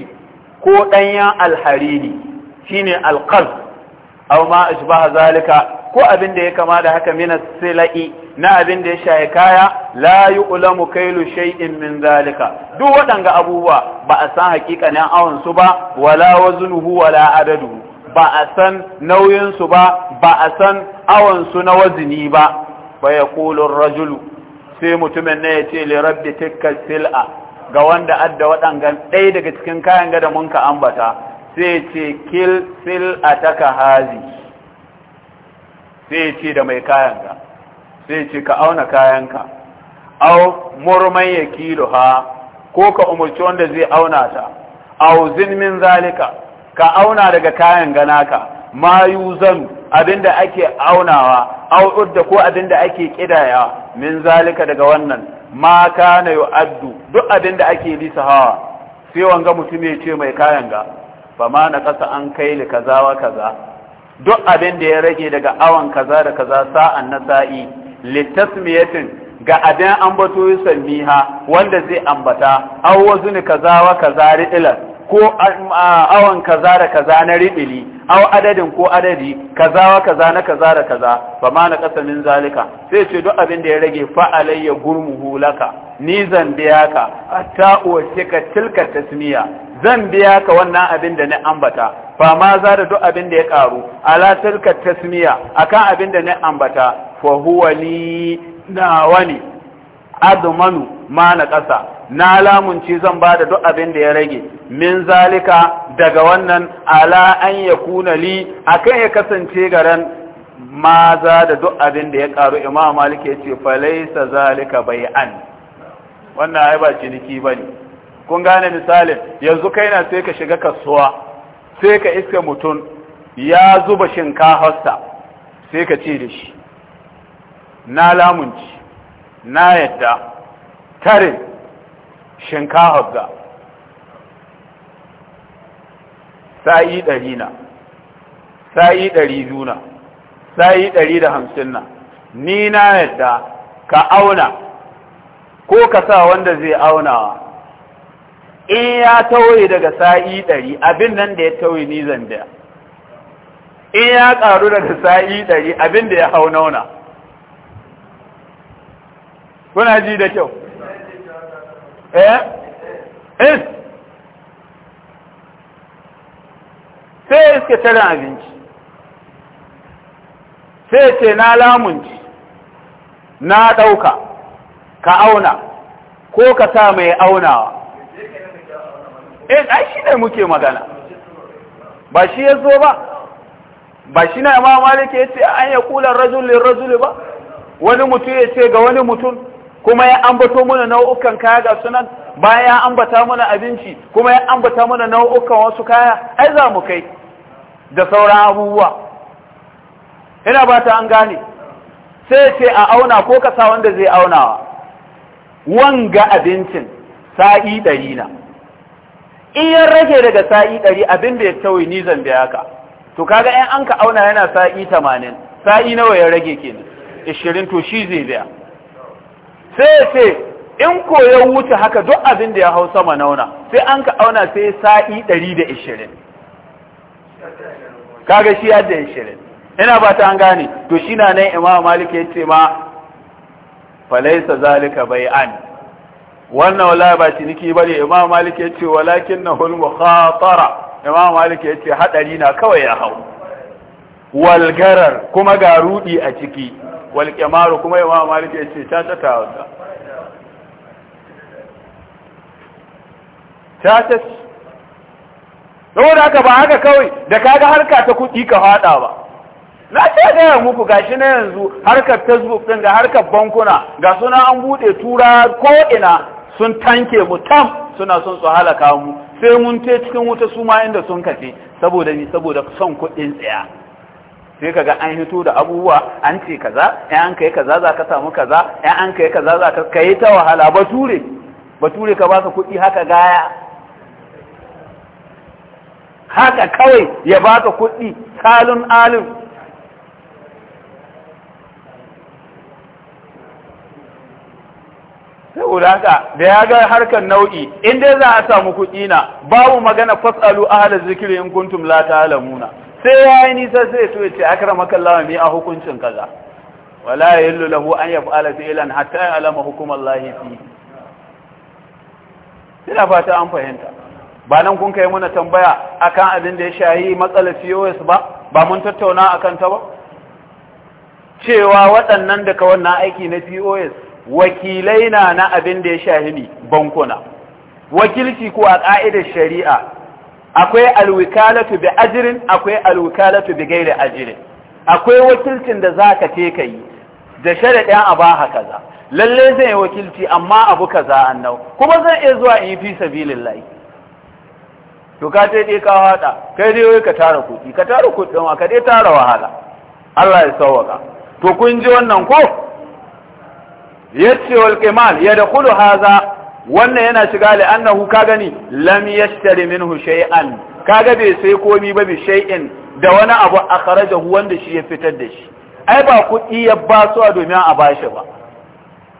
ko danyan alharini shine alqaz aw ma ashbaha zalika ko abin da ya kama da haka min silai na abin da ya shaye kaya la yu'lamu kaylu shay'in min zalika duk waɗanga abubuwa ba a san hakikanin awon su ba wala waznuhu wala adadu ba a san nauyin su ba ba a san awon su na wazini ba fa yaqulu rajulu sai mutumin ne yace li rabbi tika sil'a ga wanda adda wadangan ɗaya daga cikin kayan gada mun ka ambata sai ce kil ka hazi sai ce da mai kayan ga sai ce ka auna kayan ka. au murman ya kilo ha ko ka umarci wanda zai auna ta au zin min zalika ka auna daga kayan ganaka ma zan abinda ake aunawa au da ko abinda ake ƙidaya min zalika daga wannan ma kana yu'addu duk abinda ake lisa hawa sai wanga mutum ya ce mai kayan ga ba ma na kasa an kai li kaza wa kaza duk abinda ya rage daga awon kaza da kaza sa'an na sa'i litasmiyatin ga abin ambato miha wanda zai ambata au wazuni kaza wa kaza ridilan ko awon kaza da kaza na ribili aw adadin ko adadi kaza wa kaza na kaza da kaza fa ma na qasamin zalika sai ce duk abin da ya rage fa alayya gurmuhu laka ni zan biya ka hatta shika tilka tasmiya zan biya ka wannan abin da na ambata fa ma za da duk abin da ya karu ala tilka tasmiya akan abin da na ambata fa huwa li wani admanu ma na ƙasa na lamunci zan ba da duk abin da ya rage min zalika daga wannan ala an ya kuna li akan ya kasance garan maza da duk abin da ya karu imam malik ya ce falaisa zalika bai'an wannan ai ba ciniki bane kun gane misalin yanzu kai na sai ka shiga kasuwa sai ka iska mutum ya zuba shinkafarsa sai ka ce da shi na lamunci na yadda tarin shinkahar da sa'i ɗari na sa'i ɗari juna sa'i ɗari da hamsin na ni na yadda ka auna ko ka sa wanda zai aunawa in ya tauye daga sa'i ɗari abin nan da ya tauye ni zan biya in ya ƙaru daga sa'i ɗari abin da ya hau nauna kuna ji da kyau eh is eh. sai iske tarin abinci sai ce na lamunci na ɗauka ka auna ko ka sa mai aunawa eh ai shi ne muke magana ba shi ya zo ba ba shi na imam malik ya ce an ya kula rajul lil ba wani mutum ya ce ga wani mutum kuma ya ambato mana nau'ukan kaya ga sunan bayan ya ambata mana abinci kuma ya ambata mana nau'ukan wasu kaya ai za mu kai da sauran abubuwa ina ba ta an gane sai ce a auna ko kasa wanda zai aunawa wanga abincin sa'i ɗari na in ya rage daga sa'i ɗari abin da ya tawai ni zan biya ka to kaga in an ka auna yana sa'i tamanin sa'i nawa ya rage kenan ishirin to shi zai biya sai ya ce in ko wuce haka duk abin da ya hau sama nauna sai an ka auna sai sa'i ɗari da 120 kaga shi yadda ya shirin. ina ba ta an gane to shi na nan imam malik ya ce ma falaisa zalika bai'an wannan wala ba ciniki bane imam malik ya ce walakin na hulmu khatara imam malik ya ce hadari na kawai ya hau walgarar kuma ga rudi a ciki wal kuma imam malik ya ce ta ta ta ta ta saboda haka ba haka kawai da kaga harka ta kuɗi ka fada ba na ce gaya muku gashi na yanzu harkar facebook din ga harkar bankuna ga suna an buɗe tura ko ina sun tanke mu tam suna son su halaka mu sai mun te cikin wuta su ma inda sun kace saboda ni saboda son kuɗin tsaya sai kaga an hito da abubuwa an ce kaza ɗan an kai kaza za ka samu kaza ɗan an kai kaza za ka kai ta wahala bature bature ka ba ka kuɗi haka gaya haka kawai ya ba ka kuɗi salun alin saboda haka da ya ga harkar nau'i in dai za a samu kuɗi na babu magana fasalu ahalar zikirin kuntum la ta'alamuna sai ya yi nisa sai ya so a kira akramaka mai a hukuncin kaza wala yi lahu an yaf'ala fi'lan hatta alama hukumar Allah fi ina fata an fahimta ba nan kun kai muna tambaya akan abin da ya shahi matsalar POS ba ba mun tattauna a kan ta ba cewa waɗannan daga wannan aiki na POS wakilai na na abin da ya shahi bankuna wakilci ko a ƙa'idar shari'a akwai alwikalatu bi ajirin akwai alwikalatu bi gairi ajirin akwai wakilcin da za ka kai ka yi da sharaɗin a ba haka za lalle zai yi wakilci amma abu kaza annau kuma zan iya zuwa in yi fi sabilillahi to ka dai ka hada kai dai wai ka tara kudi ka tara kuɗin ka dai tara wahala Allah ya sauwaka to kun ji wannan ko yace wal qimal yadkhulu hadha wannan yana shiga annahu ka gani lam yashtari minhu shay'an kaga bai sai komi ba bi shay'in da wani abu a akhrajahu wanda shi ya fitar da shi ai ba kuɗi ya ba su a domin a bashi ba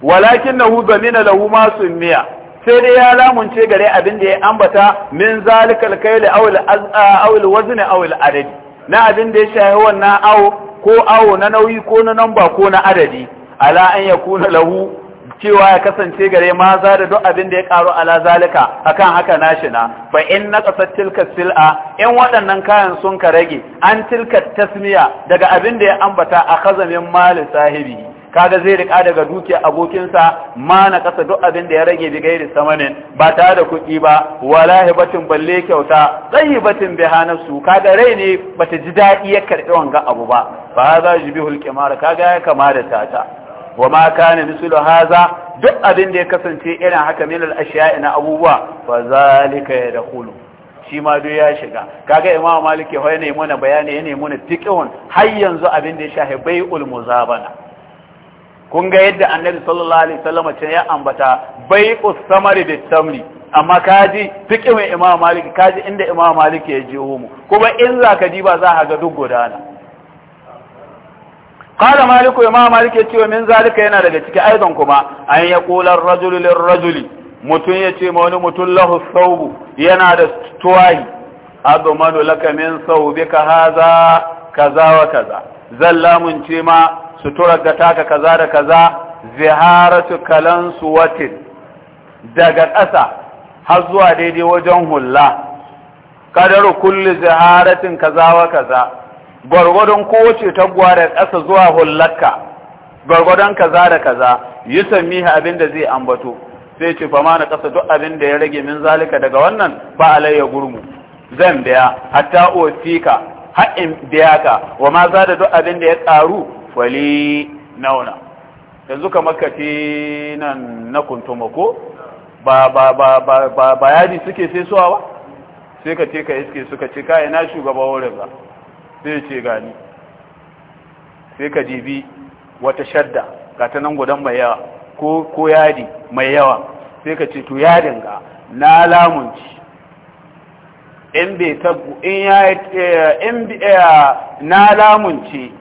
walakinahu zamina lahu ma miya. sai dai ya lamunce gare abin da ya ambata min zalikal kai aw al wazn aw al adad na abin da ya shahi wannan awo ko awo na nauyi ko na namba ko na adadi ala an yakuna lahu cewa ya kasance gare maza da duk abin da ya karu ala zalika akan haka nashina. na fa in naqasat tilka sil'a in waɗannan kayan sun ka rage an tilka tasmiya daga abin da ya ambata a kazamin mali sahibi kaga zai rika daga dukiya abokinsa ma na kasa duk abin da ya rage bi gairi samanin ba tare da kuɗi ba wala batun balle kyauta tsayibatin biha nafsu kaga rai ne bata ji daɗi ya karɓi wanga abu ba fa ji bihul qimar kaga ya kama da tata wa ma kana mislu haza duk abin da ya kasance irin haka min al-ashiya'i na abubuwa fa zalika yadkhulu shi ma duk ya shiga kaga imamu maliki hoye ne mana bayani ya ne mana har yanzu abin da ya shahi bai'ul muzabana kun ga yadda annabi sallallahu alaihi wasallam ce ya ambata bai'us samari da tamri amma kaji fiqhun imamu maliki kaji inda imamu maliki ya jiho mu kuma in zaka ji ba za ka ga duk gudana qala maliku imam malik yace min zalika yana daga ciki aidan kuma an yaqula ar-rajulu lir-rajuli mutun yace ma wani mutun lahu saubu yana da tuwahi admanu laka min thawbika hadha kaza wa kaza zallamun ce ma sutura ga taka kaza da kaza ziharatu kalan suwatin daga ƙasa har zuwa daidai wajen hulla kadaru kulli ziharatin kaza wa kaza gwargwadon kowace taguwa da ƙasa zuwa hullaka gwargwadon kaza da kaza yi samiha abin da zai ambato sai ce fama na ƙasa duk abin da ya rage min zalika daga wannan ba a alayya gurmu zan biya hatta ofika haɗin biya ka wa ma za da duk abin da ya ƙaru fali nauna yanzu ka makaci nan na kuntuma ko ba ba ba ba suke sai suwa ba sai ka ce ka iske suka ce ka ina shugaba wurin ba sai ya ce gani sai ka jibi wata shadda ga ta nan gudan mai yawa ko yadi mai yawa sai ka ce to yadin ga na lamunci in bai tabbu in ya eh, eh, na lamunci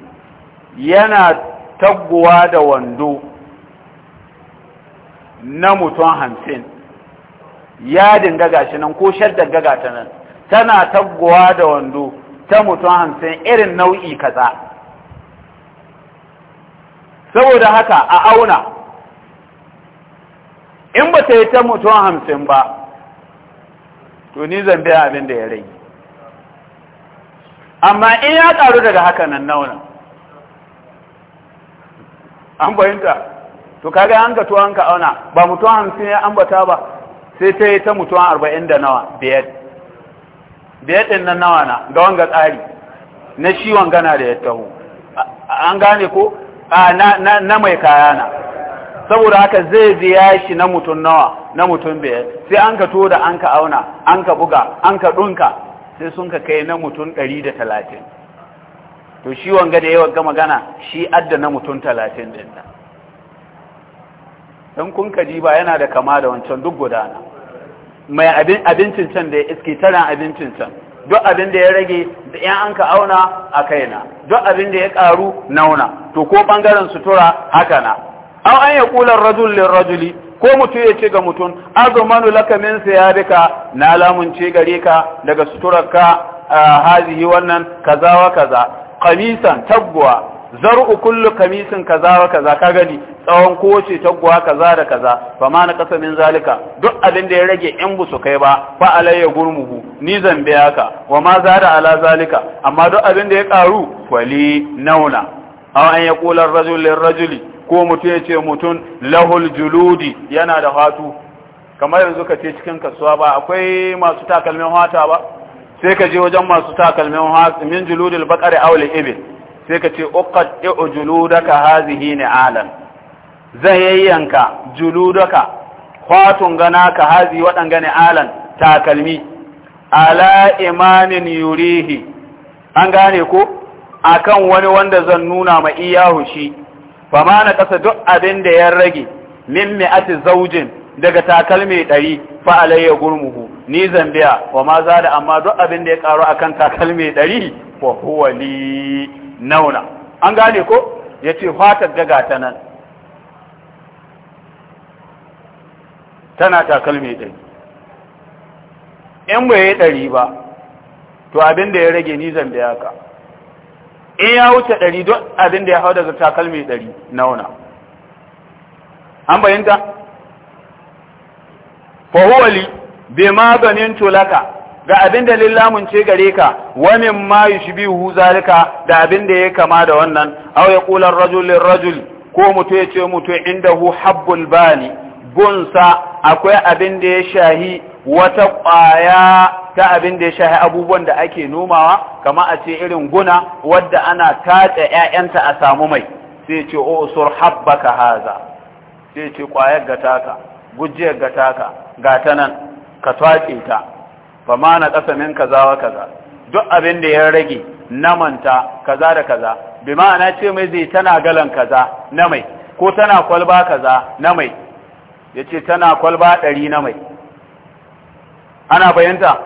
yana tabbuwa da wando na mutum hamsin yadin gaga shi nan ko shaddar gaga ta nan tana tabbuwa da wando ta mutum hamsin irin nau'i kaza saboda haka a auna in ba ta yi ta mutum hamsin ba to ni zan biya abin da ya rai. amma in ya ƙaru daga haka nan nauna an bayinta to kaga an gato an ka auna ba mutum hamsin ya ambata ba sai ta yi ta mutum arba'in da nawa biyar biyar ɗin nan nawa na ga wanga tsari na shi gana da ya taho an gane ko a na mai kaya na saboda haka zai ziya shi na mutum nawa na mutum biyar sai an ka to da an ka auna an ka buga an ka ɗunka sai sun ka kai na mutum ɗari da talatin to shi wanga da yawa gama gana, shi adda na mutum talatin ɗin nan don kun ka ji ba yana da kama da wancan duk gudana mai abincin can da ya iske tana abincin can duk abin da ya rage da yan an ka auna a kaina duk abin da ya karu nauna to ko bangaren sutura haka na aw an anya ar-rajul lir-rajuli ko mutum ya ce ga mutum azumanu laka min siyabika na lamunce gare ka daga suturar ka hazihi wannan kaza wa kaza qamisan tabwa zar'u kullu kamisin kaza wa kaza ka gani tsawon kowace taguwa kaza da kaza fa ma na kasa min zalika duk abin da ya rage in bu su kai ba fa alayya gurmuhu ni zan biya ka wa ma da ala zalika amma duk abin da ya karu wali nauna aw an yaqula ar-rajul lir-rajuli ko mutum ya ce mutum lahul juludi yana da hatu kamar yanzu ka ce cikin kasuwa ba akwai masu takalmin hata ba sai ka je wajen masu takalmin hata min juludil baqari aw ibil sai ka ce uqat juludaka hazihi ni'alan zai yayyanka juludaka kwatun gana ka hazi waɗanga ni'alan takalmi ala imanin yurihi an gane ko akan wani wanda zan nuna ma iyahu shi fama na kasa duk abin da ya rage min mi'ati zaujin daga takalmi ɗari fa alayya gurmuhu ni zambiya wa ma da amma duk abin da ya karu akan takalmi ɗari fa huwa li nauna an gane ko ya ce fatar daga ta nan tana takalmi ɗari in bai yi ɗari ba to abin da ya rage ni zan biya ka in ya wuce ɗari don abin da ya hau daga takalmi ɗari nauna an bayanta fahuwali bai maganin tulaka ga abin da lillamun ce gare ka wa min ma yushbihu zalika da abin da ya kama da wannan aw ya qula ar-rajul rajul ko mutu ya ce mutu hu habbul bali gunsa akwai abin da ya shahi wata ƙwaya ta abin da ya shahi abubuwan da ake nomawa kama a ce irin guna wadda ana tatse ƴaƴanta a samu mai sai ce o sur habbaka haza sai ce ƙwayar gataka gujiyar gataka taka ka twace ta fa ma na ƙasa min kaza wa kaza duk abin da ya rage na manta kaza da kaza bi ma'ana ce mai zai tana galan kaza na mai ko tana kwalba kaza na mai ya ce tana kwalba ɗari na mai ana bayanta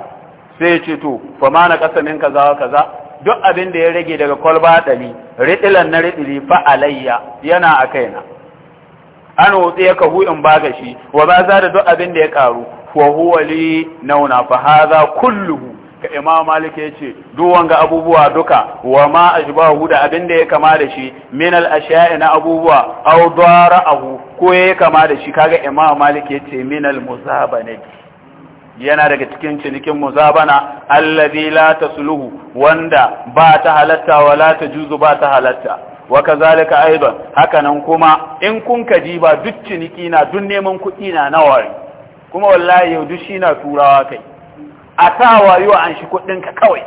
sai ya ce to fa ma na ƙasa min kaza wa kaza duk abin da ya rage daga kwalba ɗari riɗilan na riɗili fa alayya yana a kaina an wutsi ya kahu in baga shi wa ba za da duk abin da ya karu wa huwa li nauna fa hadha kulluhu ka imam malik yace duk wanga abubuwa duka wa ma ajbahu da abinda ya kama da shi min al asha'i na abubuwa aw dara'ahu ko ya kama da shi kaga imam malik yace min al muzabanati yana daga cikin cinikin muzabana allazi la tasluhu wanda ba ta halatta wa la juzu ba ta halatta wa kazalika aidan hakanan kuma in kun kaji ba duk ciniki na duk neman kuɗina na nawari kuma wallahi yau duk shi na turawa kai a ta wayo an shi kuɗinka kawai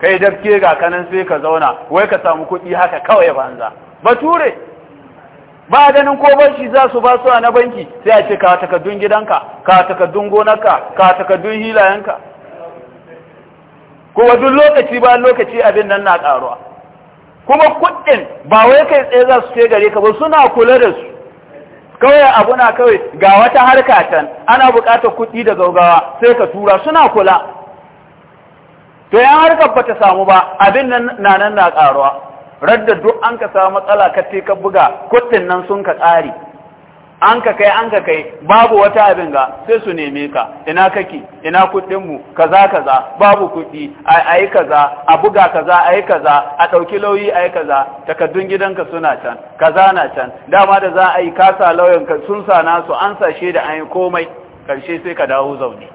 kai dabke ga kanan sai ka zauna wai ka samu kuɗi haka kawai banza Ba Ture. ba ganin ko banki za su ba su a na banki sai a ce ka takaddun gidanka ka takaddun gonarka ka takaddun hilayenka kuma duk lokaci ba lokaci abin nan na karuwa kuma kuɗin ba wai kai tsaye za su ce gare ka ba suna kula da su kawai abu na kawai ga wata harka can ana bukatar kuɗi da gaugawa sai ka tura suna kula to ya harkar ba ta samu ba abin nan na nan na karuwa radda duk an ka samu matsala ka ka buga kuɗin nan sun ka ƙare an ka kai an ka kai babu wata abin ga sai su neme ka ina kake ina kuɗin mu kaza kaza babu kuɗi ayi kaza a buga kaza ayi kaza a ɗauki lauyi ayi kaza takaddun gidanka suna can kaza na can dama da za a yi kasa lauyan ka sun sa nasu an sashe da an yi komai karshe sai ka dawo zaune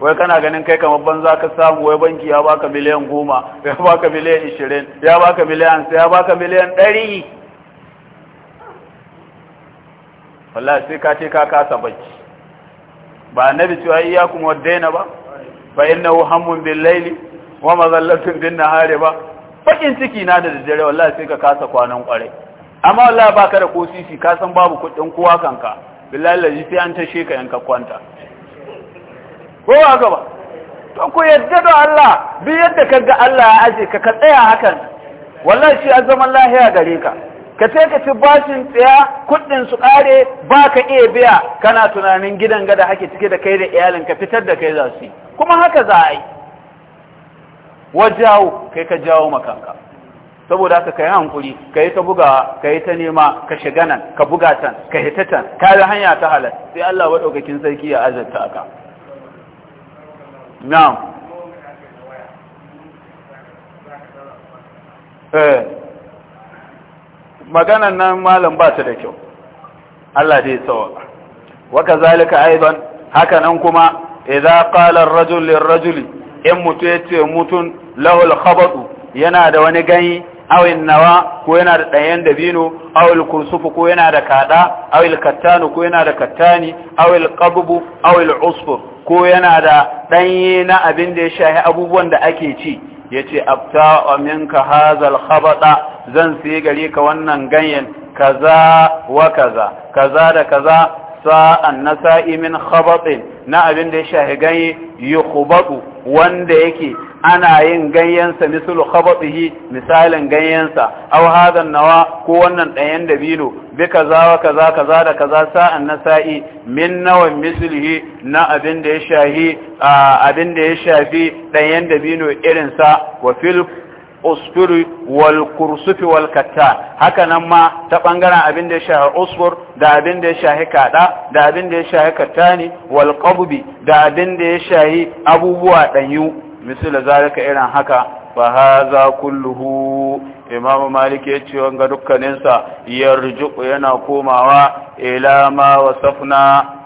wai kana ganin kai kamar banza ka samu wai banki ya baka miliyan goma ya baka miliyan ishirin ya baka miliyan ya baka miliyan ɗari wallahi sai ka ce ka kasa bacci ba nabi cewa kuma daina ba fa innahu hammun bil layli wa mazallatun bin nahari ba fakin ciki na da dare, wallahi sai ka kasa kwanan kware amma wallahi baka da kosisi ka san babu kudin kowa kanka billahi laji sai an tashe ka yanka kwanta ko haka ba to ku yadda da Allah bi yadda kaga Allah ya aje ka ka tsaya hakan wallahi shi azaman lahiya gare ka ka ce ka ci bashin tsaya kuɗin su ƙare ba ka iya biya kana tunanin gidan gada hake cike da kai da iyalin ka fitar da kai za su yi kuma haka za a yi Wa jawo. kai ka jawo makanka saboda haka kai hankuri ka yi ta bugawa, ka yi ta nema ka shiga nan ka buga tan ka hita tan ka yi hanya ta halar sai Allah madaukakin sarki ya azurta ka na'am eh maganan nan malam ba ta da kyau Allah dai tsawa wa kazalika aidan haka nan kuma idza qala ar-rajul lir-rajuli in mutu yace mutun lahul khabatu yana da wani gani awin nawa ko yana da bino dabino al kursufu ko yana da kada al kattanu ko yana da kattani al qabbu al usfur ko yana da ɗanye na abin da ya shahi abubuwan da ake ci yace abta ka hazal khabada zan sai gare ka wannan ganyen kaza wa kaza kaza da kaza sa'an na sa'imin khabatin na abin da ya shahi ganye yi wanda yake ana yin ganyensa misalu hi misalin ganyensa au hadan nawa ko wannan ɗayan dabino bi kaza wa kaza kaza da kaza sa'an na sa'i min nawan hi na abin da ya shahi abin da ya shafi ɗayan dabino irinsa wa fil usfur wal kursufi wal katta haka nan ma ta bangaren abin da ya shahi usfur da abin da ya shahi kada da abin da ya shahi kattani wal qabbi da abin da ya shahi abubuwa danyu misali zalika irin haka fa haza kulluhu imam malik ya ce wanga dukkaninsa yarju yana komawa ila ma wasafna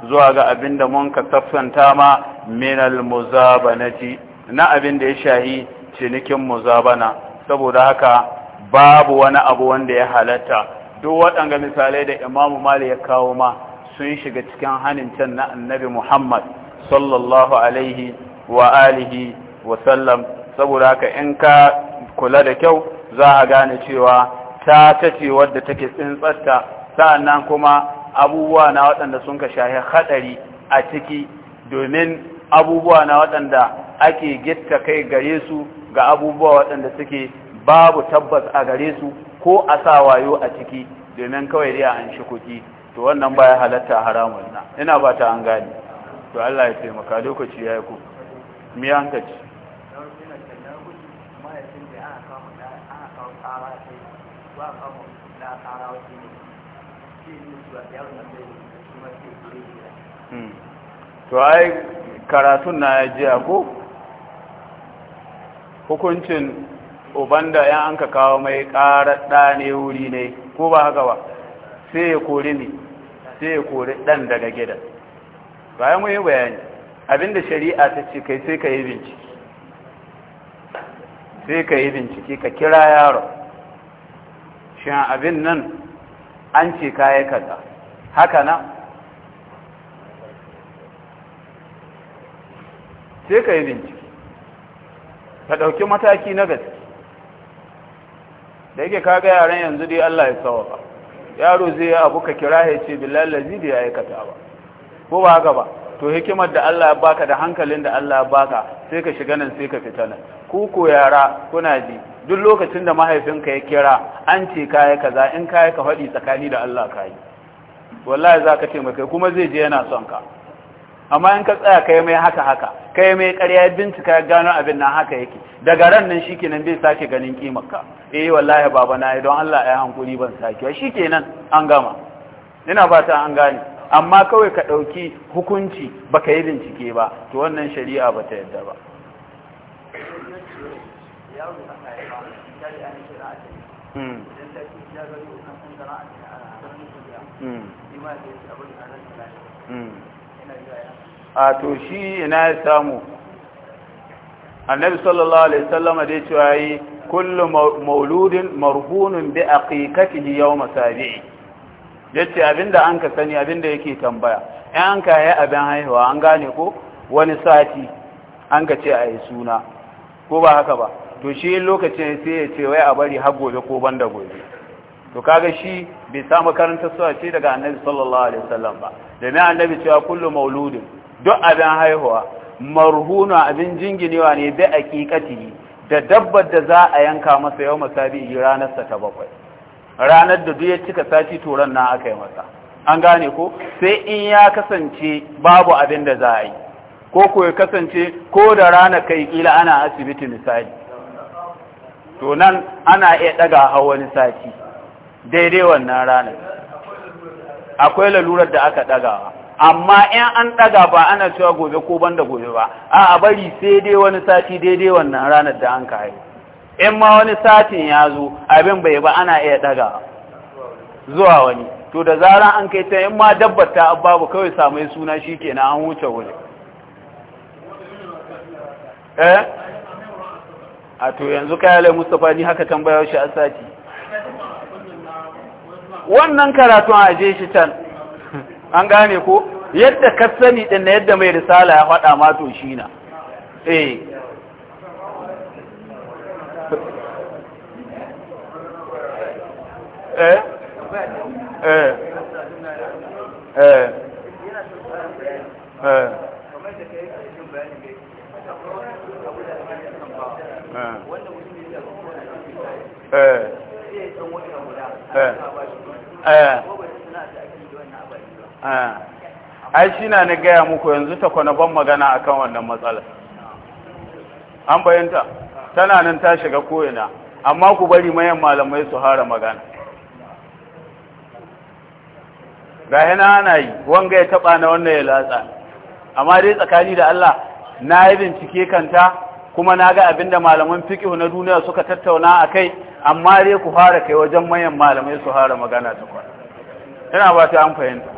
zuwa ga abin da mun ka tafsanta ma min al muzabanati na abin da ya shahi cinikin muzabana saboda haka babu wani abu wanda ya halatta duk waɗanga misalai da imamu mali ya kawo ma sun shiga cikin hanin can na annabi muhammad sallallahu alaihi wa alihi wa sallam saboda haka in ka kula da kyau za a gane cewa ta tace wadda take tsintsarta sa'annan kuma abubuwa na waɗanda sun ka shahi haɗari a ciki domin abubuwa na waɗanda ake gitta kai gare su ga abubuwa waɗanda suke babu tabbas a gare su ko a sa wayo a ciki domin kawai dai an shi kuɗi to wannan baya halatta haramun na ina ba ta an gane to Allah ya taimaka lokaci ya yi ku mi hankaci hmm. to ai karatun na ya jiya ko hukuncin uban da an ka kawo mai ƙara ɗa ne wuri ne ko ba haka ba sai ya kori ne sai ya kori ɗan daga gidan bayan mu yi bayani abinda shari'a ta ce kai sai ka yi bincike sai ka yi bincike ka kira yaro an abin nan an ce yi kaza haka na sai ka yi bincike ta ɗauki mataki na gaske da yake kaga yaran yanzu dai Allah ya sawaba yaro zai abu ka kira ya ce billahi da da ya aikata ba ko ba haka to hikimar da Allah ya baka da hankalin da Allah ya baka sai ka shiga nan sai ka fita nan ku ko yara kuna ji duk lokacin da mahaifinka ya kira an ce kai kaza in kai ka faɗi tsakani da Allah kai wallahi zaka ce mai kai kuma zai je yana son ka amma in ka tsaya kai mai haka haka kai mai ƙarya bincika ya gano abin nan haka yake daga ran nan shikenan bai sake ganin ƙimaka. eh wallahi baba na don Allah ya hankuri ban sake shikenan an gama ina ta an gane amma kawai ka ɗauki hukunci baka yi bincike ba to wannan shari'a ba ta yadda ba Mm. a to shi ina ya samu annabi sallallahu alaihi wasallama dai cewa yi kullu mauludin marhunun bi aqiqatihi yawm sabi'i yace abinda an ka sani abinda yake tambaya in an ka yi abin haihuwa an gane ko wani sati an ka ce a yi suna ko ba haka ba to shi lokacin sai ya ce wai a bari har gobe ko banda gobe to kaga shi bai samu karanta suwa ce daga annabi sallallahu alaihi wasallam ba da annabi cewa kullu mauludin duk abin haihuwa marhuna abin jinginewa ne bi aqiqati da dabbar da za a yanka masa yau masabi ranar sa ta bakwai ranar da duk ya cika sati turan na aka yi masa an gane ko sai in ya kasance babu abin da za a yi ko ko ya kasance ko da rana kai kila ana asibiti misali to nan ana iya daga hawan sati daidai wannan ranar akwai lalurar da aka ɗagawa. amma in an ɗaga ba ana cewa gobe ko banda gobe ba a a bari sai dai wani sati daidai wannan ranar da an kayi in ma wani satin ya zo abin bai ba ana iya ɗaga zuwa wani to da zara an kai ta in ma dabbar ta babu kawai samai suna shi kenan an huce wuri eh a to yanzu kayalai mustapha ni haka tambayar shi a sati wannan karatun a je shi can an gane ko yadda ka sani din na yadda mai risala ya faɗa ma to shi na eh eh eh eh eh eh eh, eh. eh. eh. Ah. ai shi na ni gaya muku yanzu ta kwana ban magana akan wannan matsalar an bayanta tana nan ta shiga ko'ina amma ku bari mayan malamai su hara magana ga yana ana yi wanga ya taba na wannan ya latsa amma dai tsakani da Allah na yi bincike kanta kuma na ga abinda malaman fiƙihu na duniya suka tattauna a kai amma dai ku fara kai wajen mayan malamai su hara magana ta kwana ina ba ta an fahimta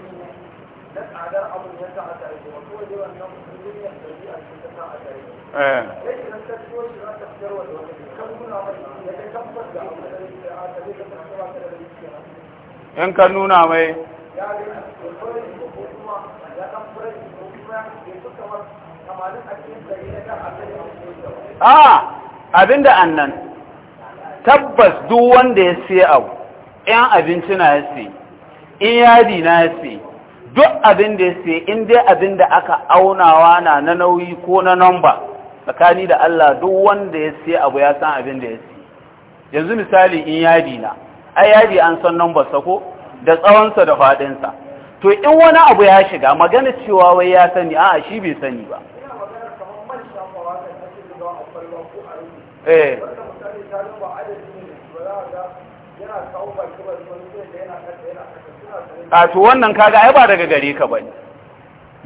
in ka nuna mai a da annan tabbas duk wanda ya siya abu 'yan abinci na ya in yadi na ya siya duk abin da ya sai in dai abin da aka aunawa na na nauyi ko na namba tsakani da Allah duk wanda ya sai abu ya san abin da ya sai yanzu misali in yadi na ai yadi an san number sa ko da tsawonsa da sa to in wani abu ya shiga magana cewa wai ya sani a'a shi bai sani ba eh yana kawo ba wani yana yana a to wannan kaga ai ba daga gare ka bane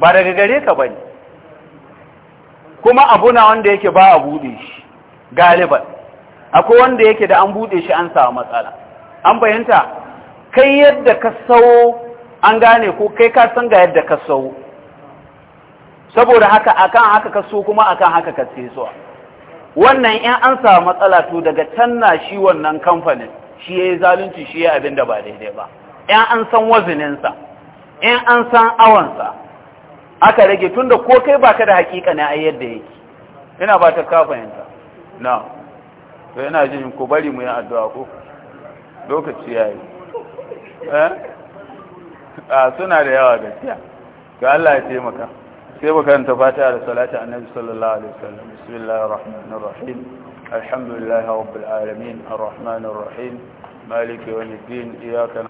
ba daga gare ka bane kuma abu na wanda yake ba a bude shi galiban akwai wanda yake da an bude shi an samu matsala an bayanta kai yadda ka sawo an gane ko kai ka san ga yadda ka sawo. saboda haka akan haka ka so kuma akan haka ka tsesuwa wannan in an samu matsala to daga can na shi wannan kamfanin shi yayi zalunci shi yayi abin da ba daidai ba in an san wazininsa in an san awansa aka rage tunda ko kai baka da hakika ne a yadda yake ina ba ta kafayanta na to yana jin ku bari mu yi addu'a ko lokaci ya yi. eh a suna da yawa da siya, ga Allah ya taimaka sai ba makaranta fatiha da salati annabi sallallahu alaihi wasallam bismillahir rahmanir rahim alhamdulillahi rabbil alamin arrahmanir rahim maliki yawmiddin iyyaka